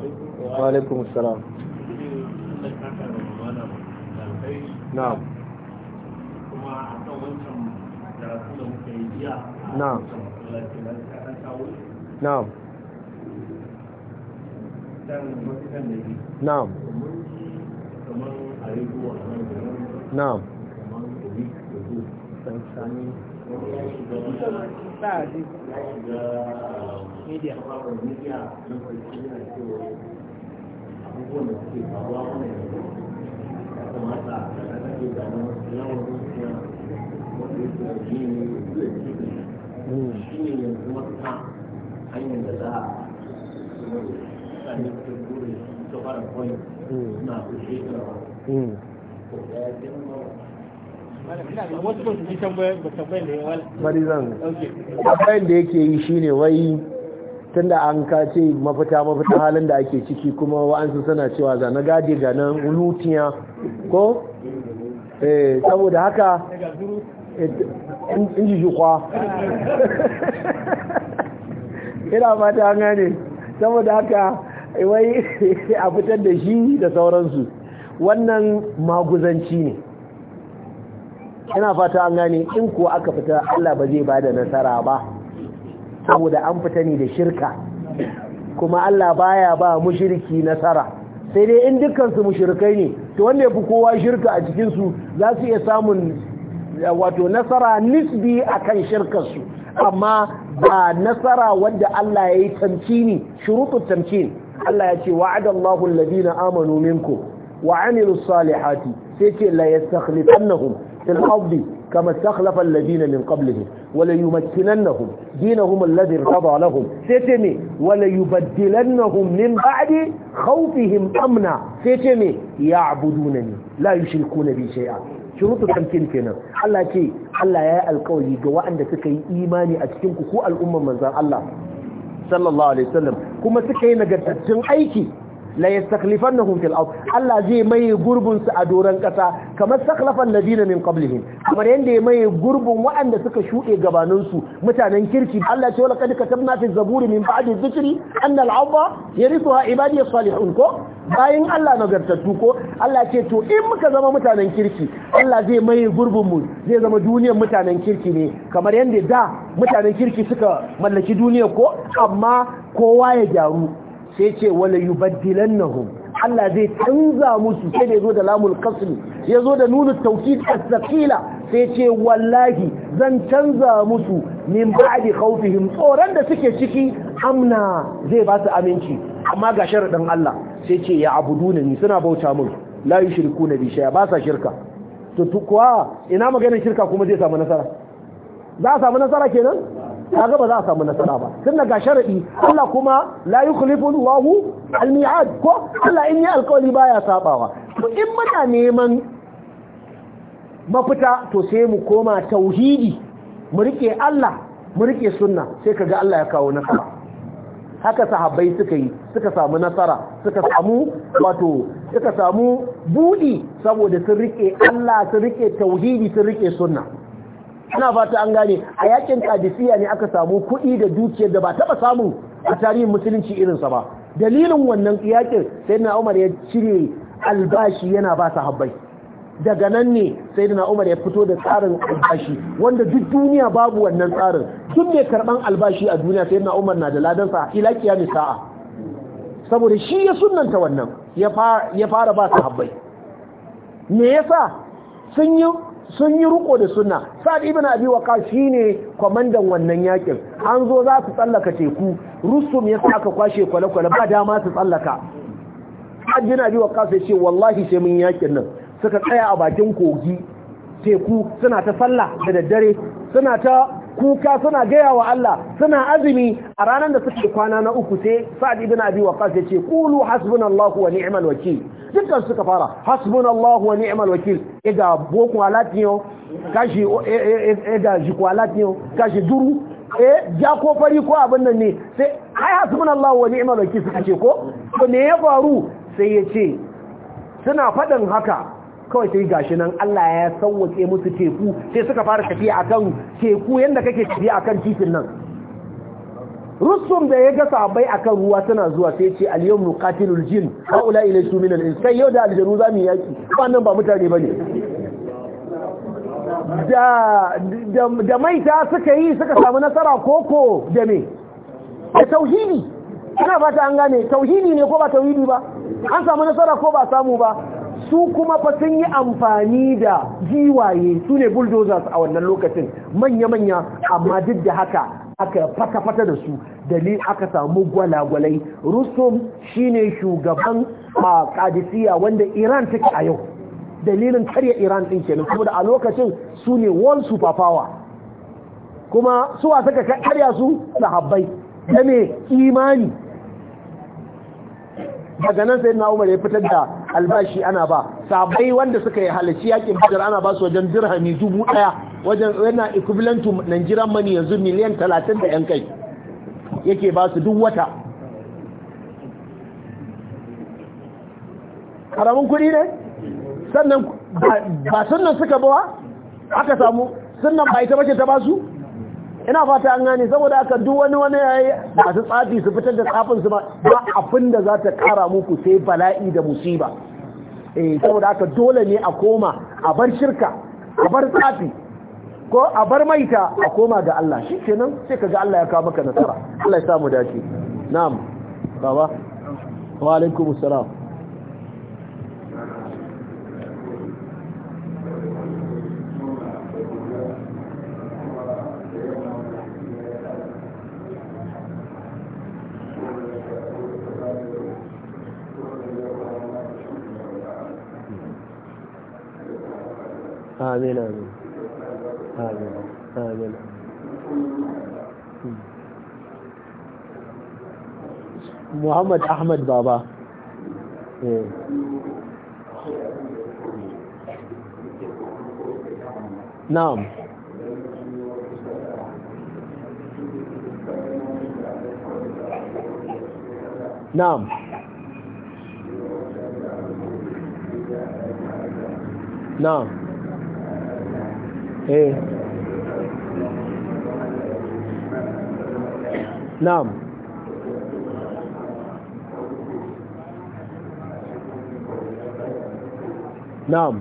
wa alaikum salam na'am kuma akan wancan karatu 你这个是卖的，一点。嗯。bari tambayin da yake yi shine wai tunda an kace mafita mafita halin da ake ciki kuma wa'ansu suna cewa za na gadi ga nan lutiya ko eh saboda haka eh, in ji shukwa [laughs] ina fata an gane saboda haka wai [laughs] a fitar da shi da sauransu wannan maguzanci ne ina fata an gane in kuwa aka fita Allah ba zai bada nasara ba saboda an fita ne da shirka kuma Allah baya ba mushriki nasara sai dai in dukkansu mushrikai ne to wanda ya fi kowa shirka a cikinsu za su iya samun wato nasara nisbi a kan shirkarsu amma ba nasara wanda Allah ya yi tamkini shurutun tamkin Allah ya ce wa'ada alladhina amanu minkum wa amilu salihati sai ce la yastakhlifannahum في الأرض كما استخلف الذين من قبلهم وليمكننهم دينهم الذي ارتضى لهم سيتمي وليبدلنهم من بعد خوفهم أمنا سيتمي يعبدونني لا يشركون بي شيئا kenan Allah ce ya yi alkawari ga waɗanda suka yi imani a cikin ku ko al'umman manzan Allah sallallahu alaihi wasallam kuma suka yi nagartattun aiki la yastakhlifannahum fil ard Allah zai maye gurbin su a doran kasa kamar sakhlafan ladina min qablihim kamar yanda ya maye gurbin waɗanda suka shuɗe gabanin su mutanen kirki Allah ce wala kad katabna fi zaburi min ba'di dhikri anna al arda yarithuha ibadi salihun ko bayin Allah nagartattu ko Allah ce to in muka zama mutanen kirki Allah zai maye gurbin mu zai zama duniyar mutanen kirki ne kamar yanda da mutanen kirki suka mallaki duniya ko amma kowa ya gyaru sai ce wala yubaddilannahum Allah zai canza musu sai da zo da lamul qasl ya zo da nuna tawkid as-saqila sai ce wallahi zan canza musu min ba'di khawfihim tsoran da suke ciki amna zai ba su aminci amma ga sharadin Allah sai ce ya abuduna ni suna bauta mun la shirku bi shay'a ba sa shirka to kuwa ina maganar shirka kuma zai samu nasara za a samu nasara kenan kaga ba za a samu nasara ba tunda ga sharadi Allah kuma la yukhlifu Allahu al-mi'ad ko Allah in ya alƙawari baya sabawa to in muna neman mafita to sai mu koma tauhidi mu rike Allah mu rike sunna sai kaga Allah ya kawo nasara haka sahabbai suka yi suka samu nasara suka samu wato suka samu budi saboda sun rike Allah sun rike tauhidi sun rike sunna Ana fata an gane a yakin kadisiya ne aka samu kuɗi da dukiyar da ba taɓa samu a tarihin musulunci irinsa ba dalilin wannan yakin sai umar ya cire albashi yana ba su habbai daga nan ne sai umar ya fito da tsarin albashi wanda duk duniya babu wannan tsarin duk mai karɓan albashi a duniya sai na umar na da ladansa ila kiyami sa'a saboda shi ya sunanta wannan ya fara ba su habbai me yasa sun yi sun yi ruko da sunna sa'ad ibn abi waqas shine kwamandan wannan yakin an zo za su tsallaka teku rusum ya saka kwashe kwale-kwale ba dama su tsallaka sa'ad ibn abi waqas sai ce wallahi sai mun yakin nan suka tsaya a bakin kogi teku suna ta sallah da daddare suna ta kuka suna gaya wa Allah suna azumi a ranar da suke kwana na uku sai sa'ad ibn abi waqas sai ce qulu hasbunallahu wa ni'mal wakeel dukkan suka fara hasbunallahu wa ni'mal wakil ega boku alatiyo kashi e, e, e, ega jiku alatiyo kashi duru e ja ko fari ko abin nan ne sai ai hasbunallahu wa ni'mal wakil suka ce ko to me ya faru sai ya ce suna fadin haka kawai sai gashi nan Allah ya sauwake musu teku sai suka fara tafiya akan teku yanda kake tafiya akan titin nan rusum da ya ga sahabbai akan ruwa tana zuwa sai ce al-yawm nuqatilul jin haula ilaysu min al-ins yau da aljanu za mu yaki wannan ba mutane bane da da maita suka yi suka samu nasara koko da me da tauhidi ina fata an gane tauhidi ne ko ba tauhidi ba an samu nasara ko ba samu ba su kuma fa yi amfani da giwaye su ne bulldozers a wannan lokacin manya-manya amma duk da haka aka fata-fata da su dalil aka samu gwalagwalai rusum shine shugaban a kadisiya wanda iran take a yau dalilin karya iran ɗin kenan kuma da a lokacin su ne super power kuma su a saka karya su sahabbai da mai imani daga nan sai na umar ya fitar da albashi ana ba sabai wanda suka yi halarci yakin badar ana ba su wajen dirhami dubu daya wajen yana equivalent to Nigerian money yanzu miliyan 30 da yan kai yake ba su duk wata karamin kuɗi ne sannan ba sunan suka bawa aka samu sunan ba ita bace ta ba su ina fata an gane saboda aka duk wani wani yayi masu tsafi su fitar da tsafin su ba abin da za ta kara muku sai bala'i da musiba eh saboda aka dole ne a koma a bar shirka a bar tsafi ko a bar maita a koma ga Allah shikenan sai kaga Allah ya kawo maka nasara Allah ya samu dace na'am baba wa alaikumus salam آمين آمين آمين آمين محمد أحمد بابا إيه. نعم نعم نعم eh na'am na'am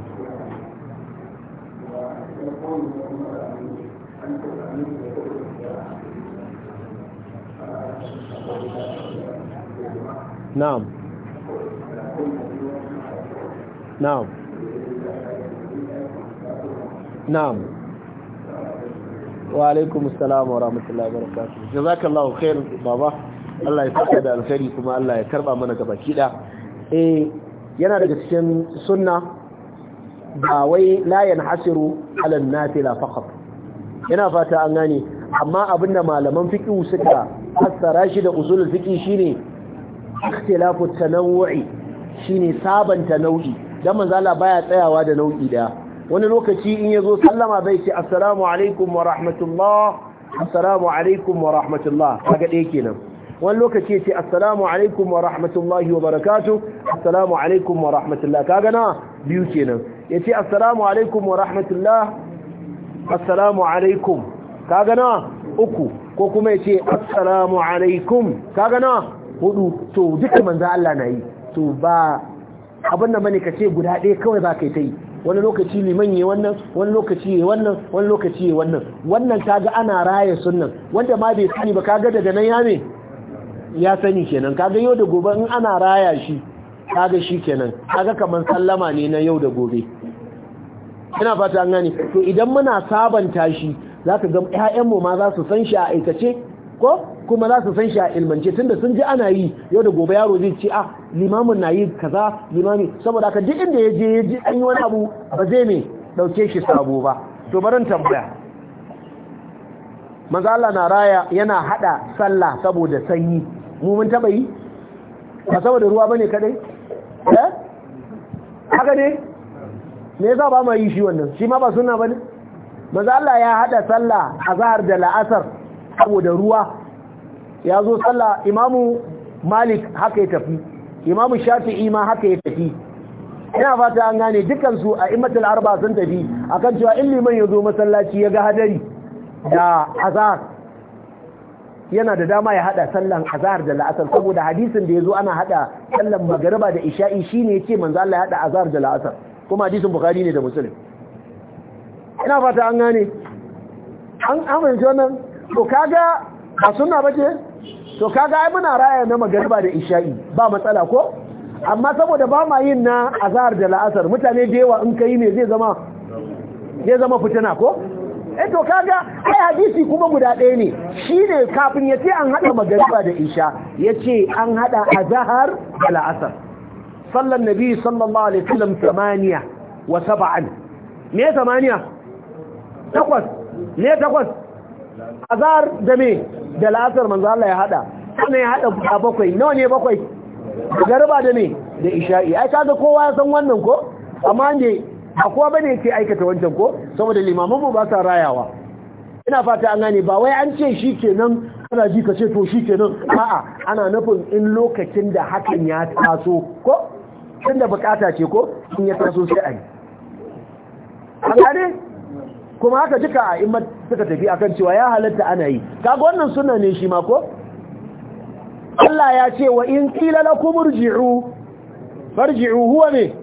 na'am na'am na'am wa alaikum assalam wa rahmatullahi wa barakatuh jazakallahu khair baba Allah ya saka da alkhairi kuma Allah ya karba mana gabaki da eh yana daga cikin sunna ba wai la ala nafila yana fata an gane amma abinda malaman fiqh suka fassara shi da usulul fiqh shine ikhtilafu tanawu'i shine sabanta nau'i dan manzo baya tsayawa da nau'i da wani lokaci in yazo sallama bai ce assalamu alaikum wa rahmatullah assalamu alaikum wa rahmatullah kaga ɗaya kenan wani lokaci ya ce assalamu alaikum wa rahmatullahi wa barakatu assalamu alaikum wa rahmatullah kaga na biyu kenan yace assalamu alaikum wa rahmatullah assalamu alaikum kaga na uku ko kuma yace assalamu alaikum kaga na hudu to duka manzo Allah na yi to ba abin da bane kace guda ɗaya kawai za ba kai ta yi wani lokaci liman yi wannan wani lokaci yi wannan wani lokaci yi wannan wannan kaga ana raya sunnan wanda ma bai sani ba kaga daga nan ya ne ya sani kenan kaga yau da gobe in ana raya shi kaga shi kenan kaga kaman sallama ne na yau da gobe ina fata an gane to idan muna sabanta shi zaka ga ƴaƴanmu ma za su san shi a aikace ko kuma za su san shi a ilmance tunda sun ji ana yi yau da gobe yaro zai ce ah limamin na yi kaza limami saboda haka duk inda ya je ya ji an yi wani abu ba zai mai dauke shi sabo ba to barin tambaya manzo Allah na raya yana hada sallah saboda sanyi mu mun taba yi ba saboda ruwa bane kadai eh haka ne me yasa ba mu yi shi wannan shi ma ba sunna bane manzo Allah ya hada sallah azhar da la'asar saboda ruwa ya zo sallah imamu malik haka ya tafi imamu shafi'i ma haka ya tafi ina fata an gane dukansu a imatul arba sun tafi akan cewa in liman ya zo masallaci ya ga hadari da azar yana da dama ya hada sallan azar da la'asar saboda hadisin da ya zo ana hada sallan magriba da isha'i shine yace manzo Allah ya hada azar da la'asar kuma hadisin bukhari ne da muslim ina fata an gane an amince wannan to kaga ba sunna bace to kaga ai muna raya na magariba da isha'i ba matsala ko amma saboda ba ma yin na azhar da la'asar mutane da yawa in kai ne zai zama zai zama fitina ko eh to kaga ai hadisi kuma guda ɗaya ne shine kafin ya ce an hada magariba da isha yace an hada azhar da la'asar sallan nabi sallallahu alaihi wasallam tamaniya wa sab'an me tamaniya takwas ne takwas azar da me da la'asar manzo Allah ya hada sai ya hada guda bakwai nawa ne bakwai garba da me da isha'i ai kaga kowa ya san wannan ko amma ne ba kowa bane yake aikata wancan ko saboda limaman mu ba sa rayawa ina fata an gane ba wai an ce shikenan ana ji ka ce to shikenan a'a ana nufin in lokacin da hakan ya taso ko tunda bukata ce ko in ya taso sai a yi an gane kuma haka duka a imar suka tafi akan cewa ya halatta ana yi kaga wannan suna ne shi mako? Allah ya ce wa in qila kuma irji'u farji'u huwa ne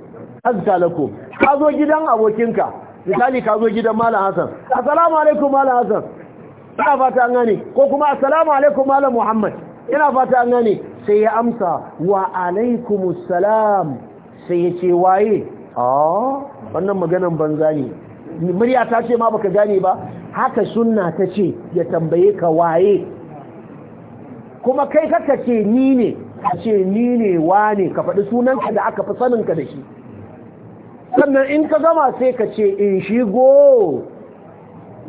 azka ku. ka zo gidan abokinka misali ka zo gidan malam Hassan assalamu alaikum malam Hassan ina fata an gane ko kuma assalamu alaikum malam Muhammad ina fata an gane sai ya amsa wa alaikumus sai ya ce waye ah, wannan maganan banza ne murya ta ce ma baka gane ba haka sunna ta ce ya tambaye ka waye kuma kai kaka ce ni ne a ce ni ne wane ka faɗi sunanka da aka fi saninka da shi sannan in ka gama sai ka ce in shigo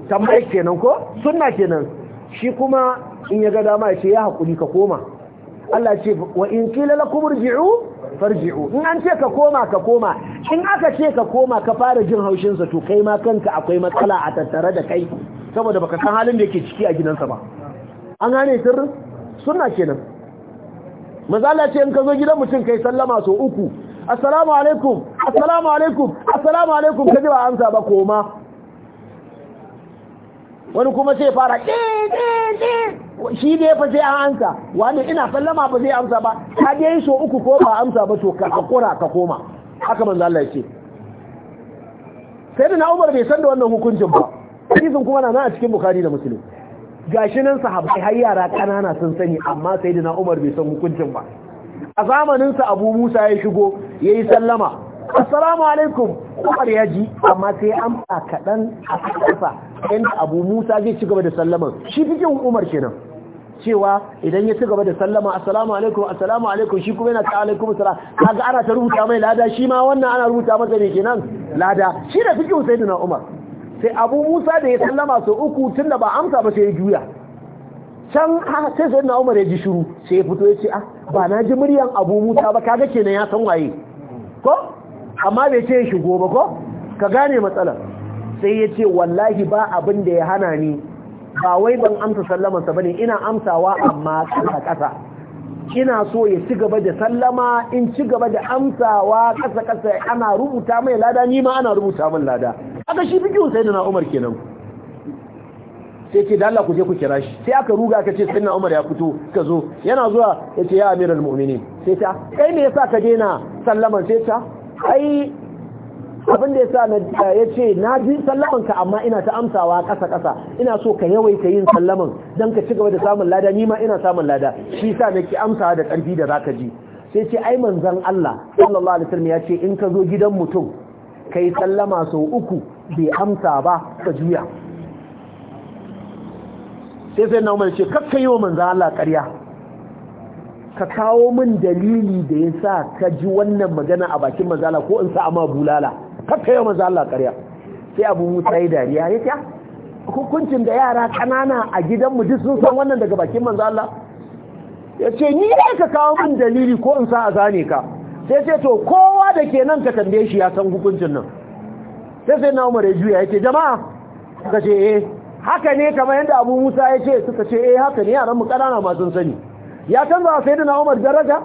tambaye kenan ko sunna kenan shi kuma in ya ga dama ya ce ya haƙuri ka koma Allah ce wa in kila kuma farji'u in an ce ka koma ka koma in aka ce ka koma ka fara jin haushinsa to kai ma kanka akwai matsala a tattare da kai saboda baka san halin da yake ciki a gidansa ba an gane sirri sunna kenan mazala ce in ka zo gidan mutum kai sallama so uku assalamu alaikum assalamu alaikum assalamu alaikum kaji ba amsa ba koma wani kuma sai fara shi ne fa sai an amsa wani ina sallama ba zai amsa ba ka dai so uku ko ba amsa ba to ka hakura ka koma haka manzo Allah ya ce sai da Umar bai san da wannan hukuncin ba hadisin kuma na nan a cikin Bukhari da Muslim gashi nan sahabbai har yara kanana sun sani amma sai da Umar bai san hukuncin ba a zamanin sa Abu Musa ya shigo yayi sallama assalamu alaikum umar ya ji amma sai an ba kaɗan a ƙasa yadda abu musa zai ci gaba da sallama shi fikin umar kenan cewa idan ya ci gaba da sallama assalamu alaikum assalamu alaikum shi kuma yana ta alaikum assalam kaga ana ta rubuta mai lada shi ma wannan ana rubuta masa ne kenan lada shi da fikin sayyidina umar sai abu musa da ya sallama sau uku tunda ba amsa ba sai ya juya can sai sai na umar ya ji shuru sai ya fito ya ce ah ba na ji muryan abu musa ba kaga kenan ya san waye ko amma bai ce shigo ba ko ka gane matsalar sai ya ce wallahi ba abin da ya hana ni ba wai ban amsa sallamansa ne. ina amsawa amma kasa kasa ina so ya ci gaba da sallama in ci gaba da amsawa kasa kasa ana rubuta mai lada ni ma ana rubuta min lada aka shi fi sai da Umar kenan sai ce dalla ku je ku kira shi sai aka ruga aka ce na Umar ya fito ka zo yana zuwa yace ya amiral mu'minin sai ta kai me yasa ka daina sallaman sai ta ai abin da sa na ya ce na ji sallamanka amma ina ta amsawa kasa kasa ina so ka yawaita yin sallaman don ka ci gaba da samun lada ni ma ina samun lada shi sa nake amsawa da karfi da zaka ji sai ce ai manzan Allah sallallahu alaihi wasallam ya ce in ka zo gidan mutum kai sallama sau uku bai amsa ba ka juya sai sai na umar ce wa manzan Allah ƙarya ka kawo min dalili da ya sa ka ji wannan magana a bakin mazala ko in sa ama bulala ka yau mazala ƙarya sai abu musa yi dariya ya ta ah, hukuncin da yara kanana a gidanmu duk sun san wannan daga bakin mazala ya ce ni ne ka kawo min dalili ko in sa a zane ka sai ce to kowa da ke nan ka tambaye shi ya san hukuncin nan sai sai na umar ya juya ya ce jama'a suka ce eh haka ne kamar yadda abu musa ya ce suka ce eh haka ne yaran mu kanana masu sani ya canza wa sayyidina Umar daraja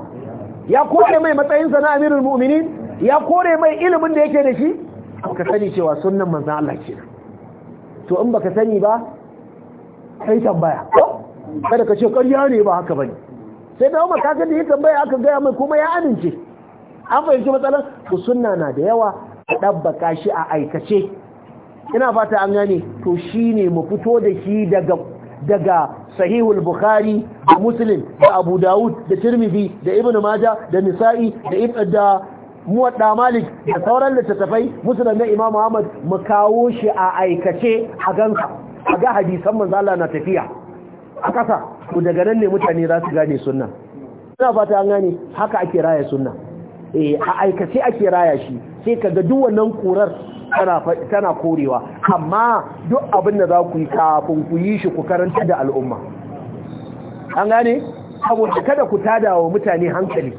ya kore mai matsayinsa na amirul mu'minin ya kore mai ilimin da yake da shi ka sani cewa sunnan manzon Allah ce to in baka sani ba sai tambaya kada ka ce ƙarya ne ba haka bane sai da Umar kaga da ya tambaya aka gaya mai kuma ya amince an fahimci matsalar to sunna na da yawa a dabbaka shi a aikace ina fata an gane to shine mu fito da shi daga daga sahihul bukhari da muslim da abu dawud da tirmidhi da ibnu maja da nisa'i da da muwadda malik da sauran littattafai musulun na imam ahmad mu kawo shi a aikace a ganka a ga hadisan manzo Allah na tafiya a kasa ku daga nan ne mutane za su gane sunna ina fata an gane haka ake raya sunna eh a aikace ake raya shi sai kaga duk wannan kurar tana korewa amma duk abin da za ku yi kafin ku yi shi ku karanta da al'umma an gane saboda kada ku tada wa mutane hankali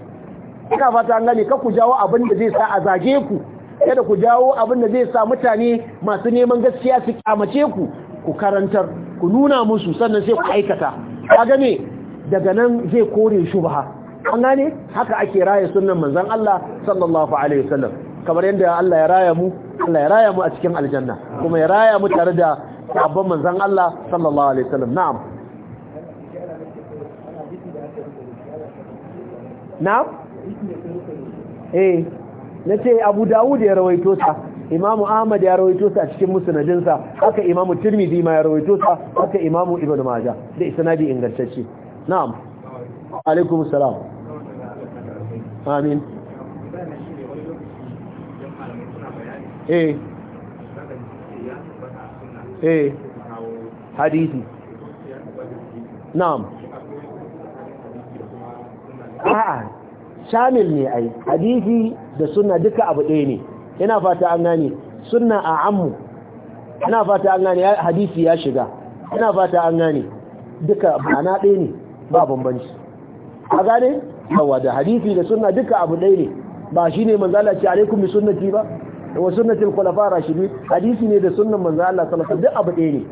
ina fata an gane ka ku jawo abin da zai sa a zage ku kada ku jawo abin da zai sa mutane masu neman gaskiya su kyamace ku ku karantar ku nuna musu sannan sai ku aikata ka gane daga nan zai kore shubha an gane haka ake raye sunnan manzon Allah sallallahu alaihi wasallam kamar yadda Allah ya raya mu Allah ya raya mu a cikin aljanna kuma ya raya mu tare da abban manzon Allah sallallahu alaihi wasallam na'am na'am eh nace Abu Dawud ya rawaito sa Imam Ahmad ya rawaito sa a cikin musnadin sa haka Imam Tirmidhi ma ya rawaito sa haka Imam Ibn Majah da isnadi ingantacce na'am alaikum salam amin eh eh hadisi na'am a'a shamil ne ai hadisi da sunna duka abu ɗaya ne ina fata an gane sunna a ammu ina fata an gane hadisi ya shiga ina fata an gane duka ma'ana ɗaya ne ba bambanci a gane yawa da hadisi da sunna duka abu ɗaya ne ba shine manzala ce alaikum bi sunnati ba wa sunnatul khulafa rashidin hadisi ne da sunnan manzo Allah sallallahu alaihi wasallam duk abu ne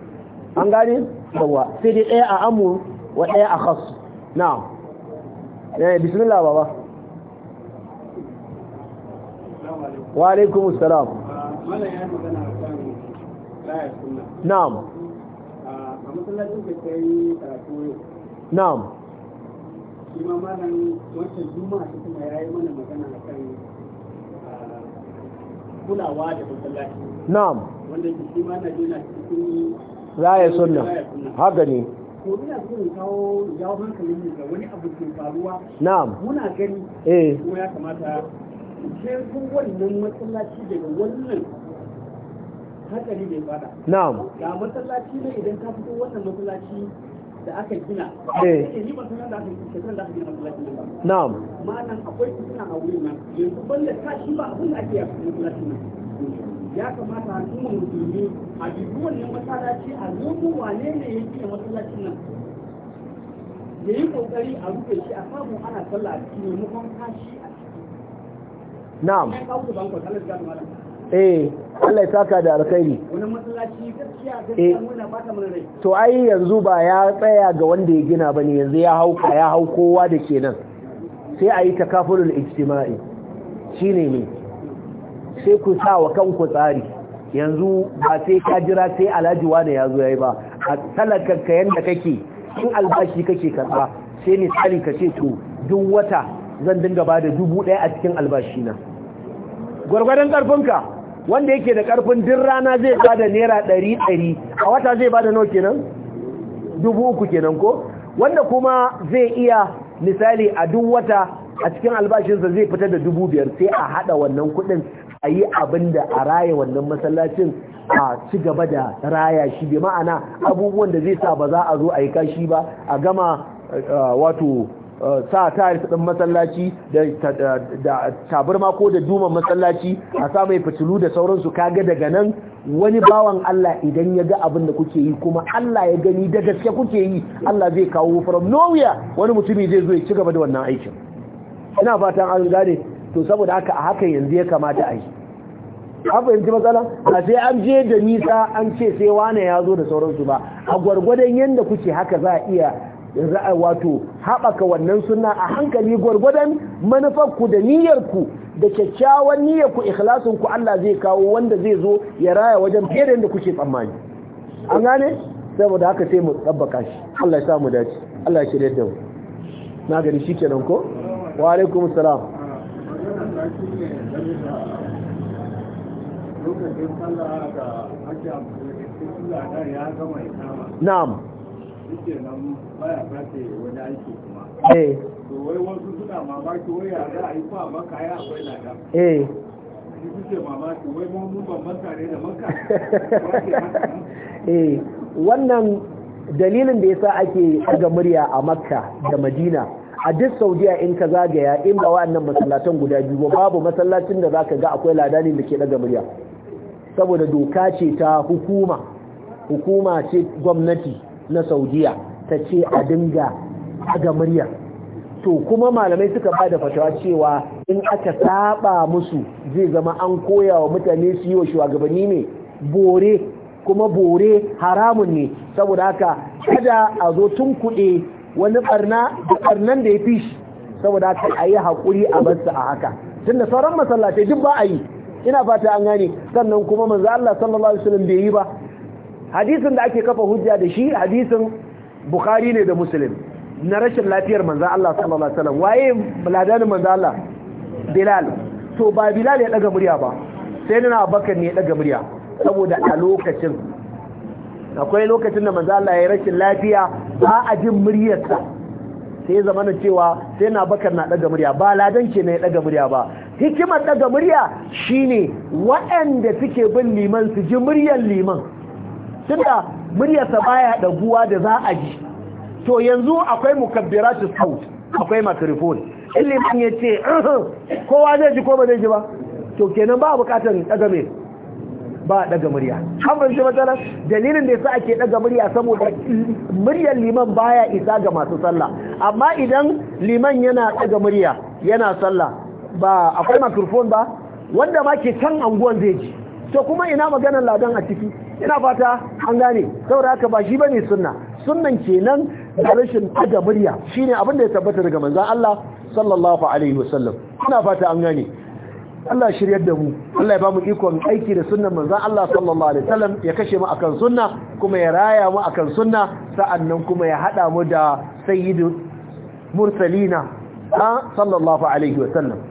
an gane yawa sai dai ɗaya a amur wa ɗaya a khas na'am eh bismillah baba wa alaikum assalam na'am a masallacin da kai karatu na'am shi ma malam wancan juma'a mana magana akan kulawa da masallaci na'am wanda ke shi ma Najeriya cikin raya sunna haka ne to ina so in kawo yawon hankalin mu ga wani abu ke faruwa na'am muna gani eh ko ya kamata ce duk wannan masallaci daga wannan hankali bai fada na'am ga masallaci ne idan ka fito wannan masallaci da aka gina eh. na'am akwai fitina a wurin nan yanzu balle ta shi ba abin da ake yi a ya kamata al'ummar musulmi a dubi wannan masallaci a nemo wane ne ya nan yi kokari a rufe shi a samu ana sallah a cikin maimakon a na'am eh Allah ya saka da alkhairi eh. to ai yanzu ba ya tsaya ga wanda ya gina bane yanzu ya hauka ya hau kowa da kenan sai a yi ijtima'i shine ne sai ku sa wa kanku tsari yanzu ba sai ka jira sai alhaji wani ya zo yayi ba a talakar ka yanda kake in albashi kake karba sai ni tsari ka to duk wata zan dinga bada dubu ɗaya a cikin albashina gwargwadon ƙarfinka wanda yake da karfin din rana zai bada naira ɗari ɗari a wata zai bada nawa kenan dubu uku kenan ko wanda kuma zai iya misali a duk wata a cikin albashinsa zai fita da dubu biyar sai a hada wannan kuɗin a yi abin da a raya wannan masallacin a ci gaba da raya shi bai ma'ana abubuwan da zai sa ba za a zo a yi kashi ba a gama eh, wato sa tiles din masallaci da tabarma ko da duman masallaci a sa mai fitilu da sauransu kaga daga nan wani bawan Allah idan ya ga abin da kuke yi kuma Allah ya gani da gaske kuke yi Allah zai kawo from nowhere wani mutumi zai zo ya ci gaba da wannan aikin ina fatan an gane to saboda haka a hakan yanzu ya kamata a yi an fahimci matsala a sai an je da nisa an ce sai wane ya zo da sauransu ba a gwargwadon yadda kuke haka za a iya yanzu a wato haɓaka wannan suna a hankali gwargwadon manufarku da niyyarku da kyakkyawan niyyarku ikhlasunku Allah zai kawo wanda zai zo ya raya wajen fiye da yadda kuke tsammani an gane saboda haka sai mu tsabbaka shi Allah ya samu dace Allah ya shirye da mu na gani shikenan ko wa alaikum salam na'am eh wai wasu suna mamaki wai a yi fa maka ya akwai lada eh mamaki wai mun ne da maka [laughs] eh wannan dalilin da yasa ake ga murya a makka da madina a duk saudiya in ka zagaya in ba wa'annan masallatan guda biyu babu masallacin da zaka ga akwai ladanin da ke daga murya saboda doka ce ta hukuma hukuma ce gwamnati na saudiya ta ce a dinga ga murya to kuma malamai suka ba da fatawa cewa in aka saba musu zai zama an koya wa mutane su yi wa shugabanni ne bore kuma bore haramun ne saboda haka kada a zo tun kuɗe wani barna da barnan da ya fi shi saboda haka a yi haƙuri a barsa a haka tun da sauran masallatai duk ba a yi ina fata an gane sannan kuma manzo Allah sallallahu alaihi wasallam bai yi ba hadisin da ake kafa hujja da shi hadisin bukhari ne da muslim na rashin lafiyar manzo Allah sallallahu alaihi wasallam waye ladanin manzo Allah bilal to ba bilal ya daga murya ba sai na abakar ne ya daga murya saboda a lokacin akwai lokacin da manzo Allah ya rashin lafiya ba a jin muryarsa sai ya zama cewa sai na bakar na daga murya ba ladan ke ne ya daga murya ba hikimar daga murya shine waɗanda suke bin liman su ji muryar liman tunda muryarsa baya daguwa da za a ji to yanzu akwai mukabbiratu sau akwai microphone ilimin ya ce kowa zai ji ko ba zai ji ba to kenan ba bukatar daga mai ba daga murya an fahimci matsalar dalilin da yasa ake daga murya saboda muryar liman baya isa ga masu sallah amma idan liman yana daga murya yana sallah ba akwai makrifon ba wanda ma ke can anguwan zai ji to kuma ina maganar ladan a ciki ina fata an gane saboda haka ba shi bane sunna sunnan kenan da rashin aga murya shine abin da ya tabbata daga manzon Allah sallallahu alaihi wasallam ina fata an gane Allah shiryar da mu Allah ya ba mu ikon aiki da sunnan manzon Allah sallallahu alaihi wasallam ya kashe mu akan sunna kuma ya raya mu akan sunna sa'annan kuma ya hada mu da sayyidu mursalina sallallahu alaihi wasallam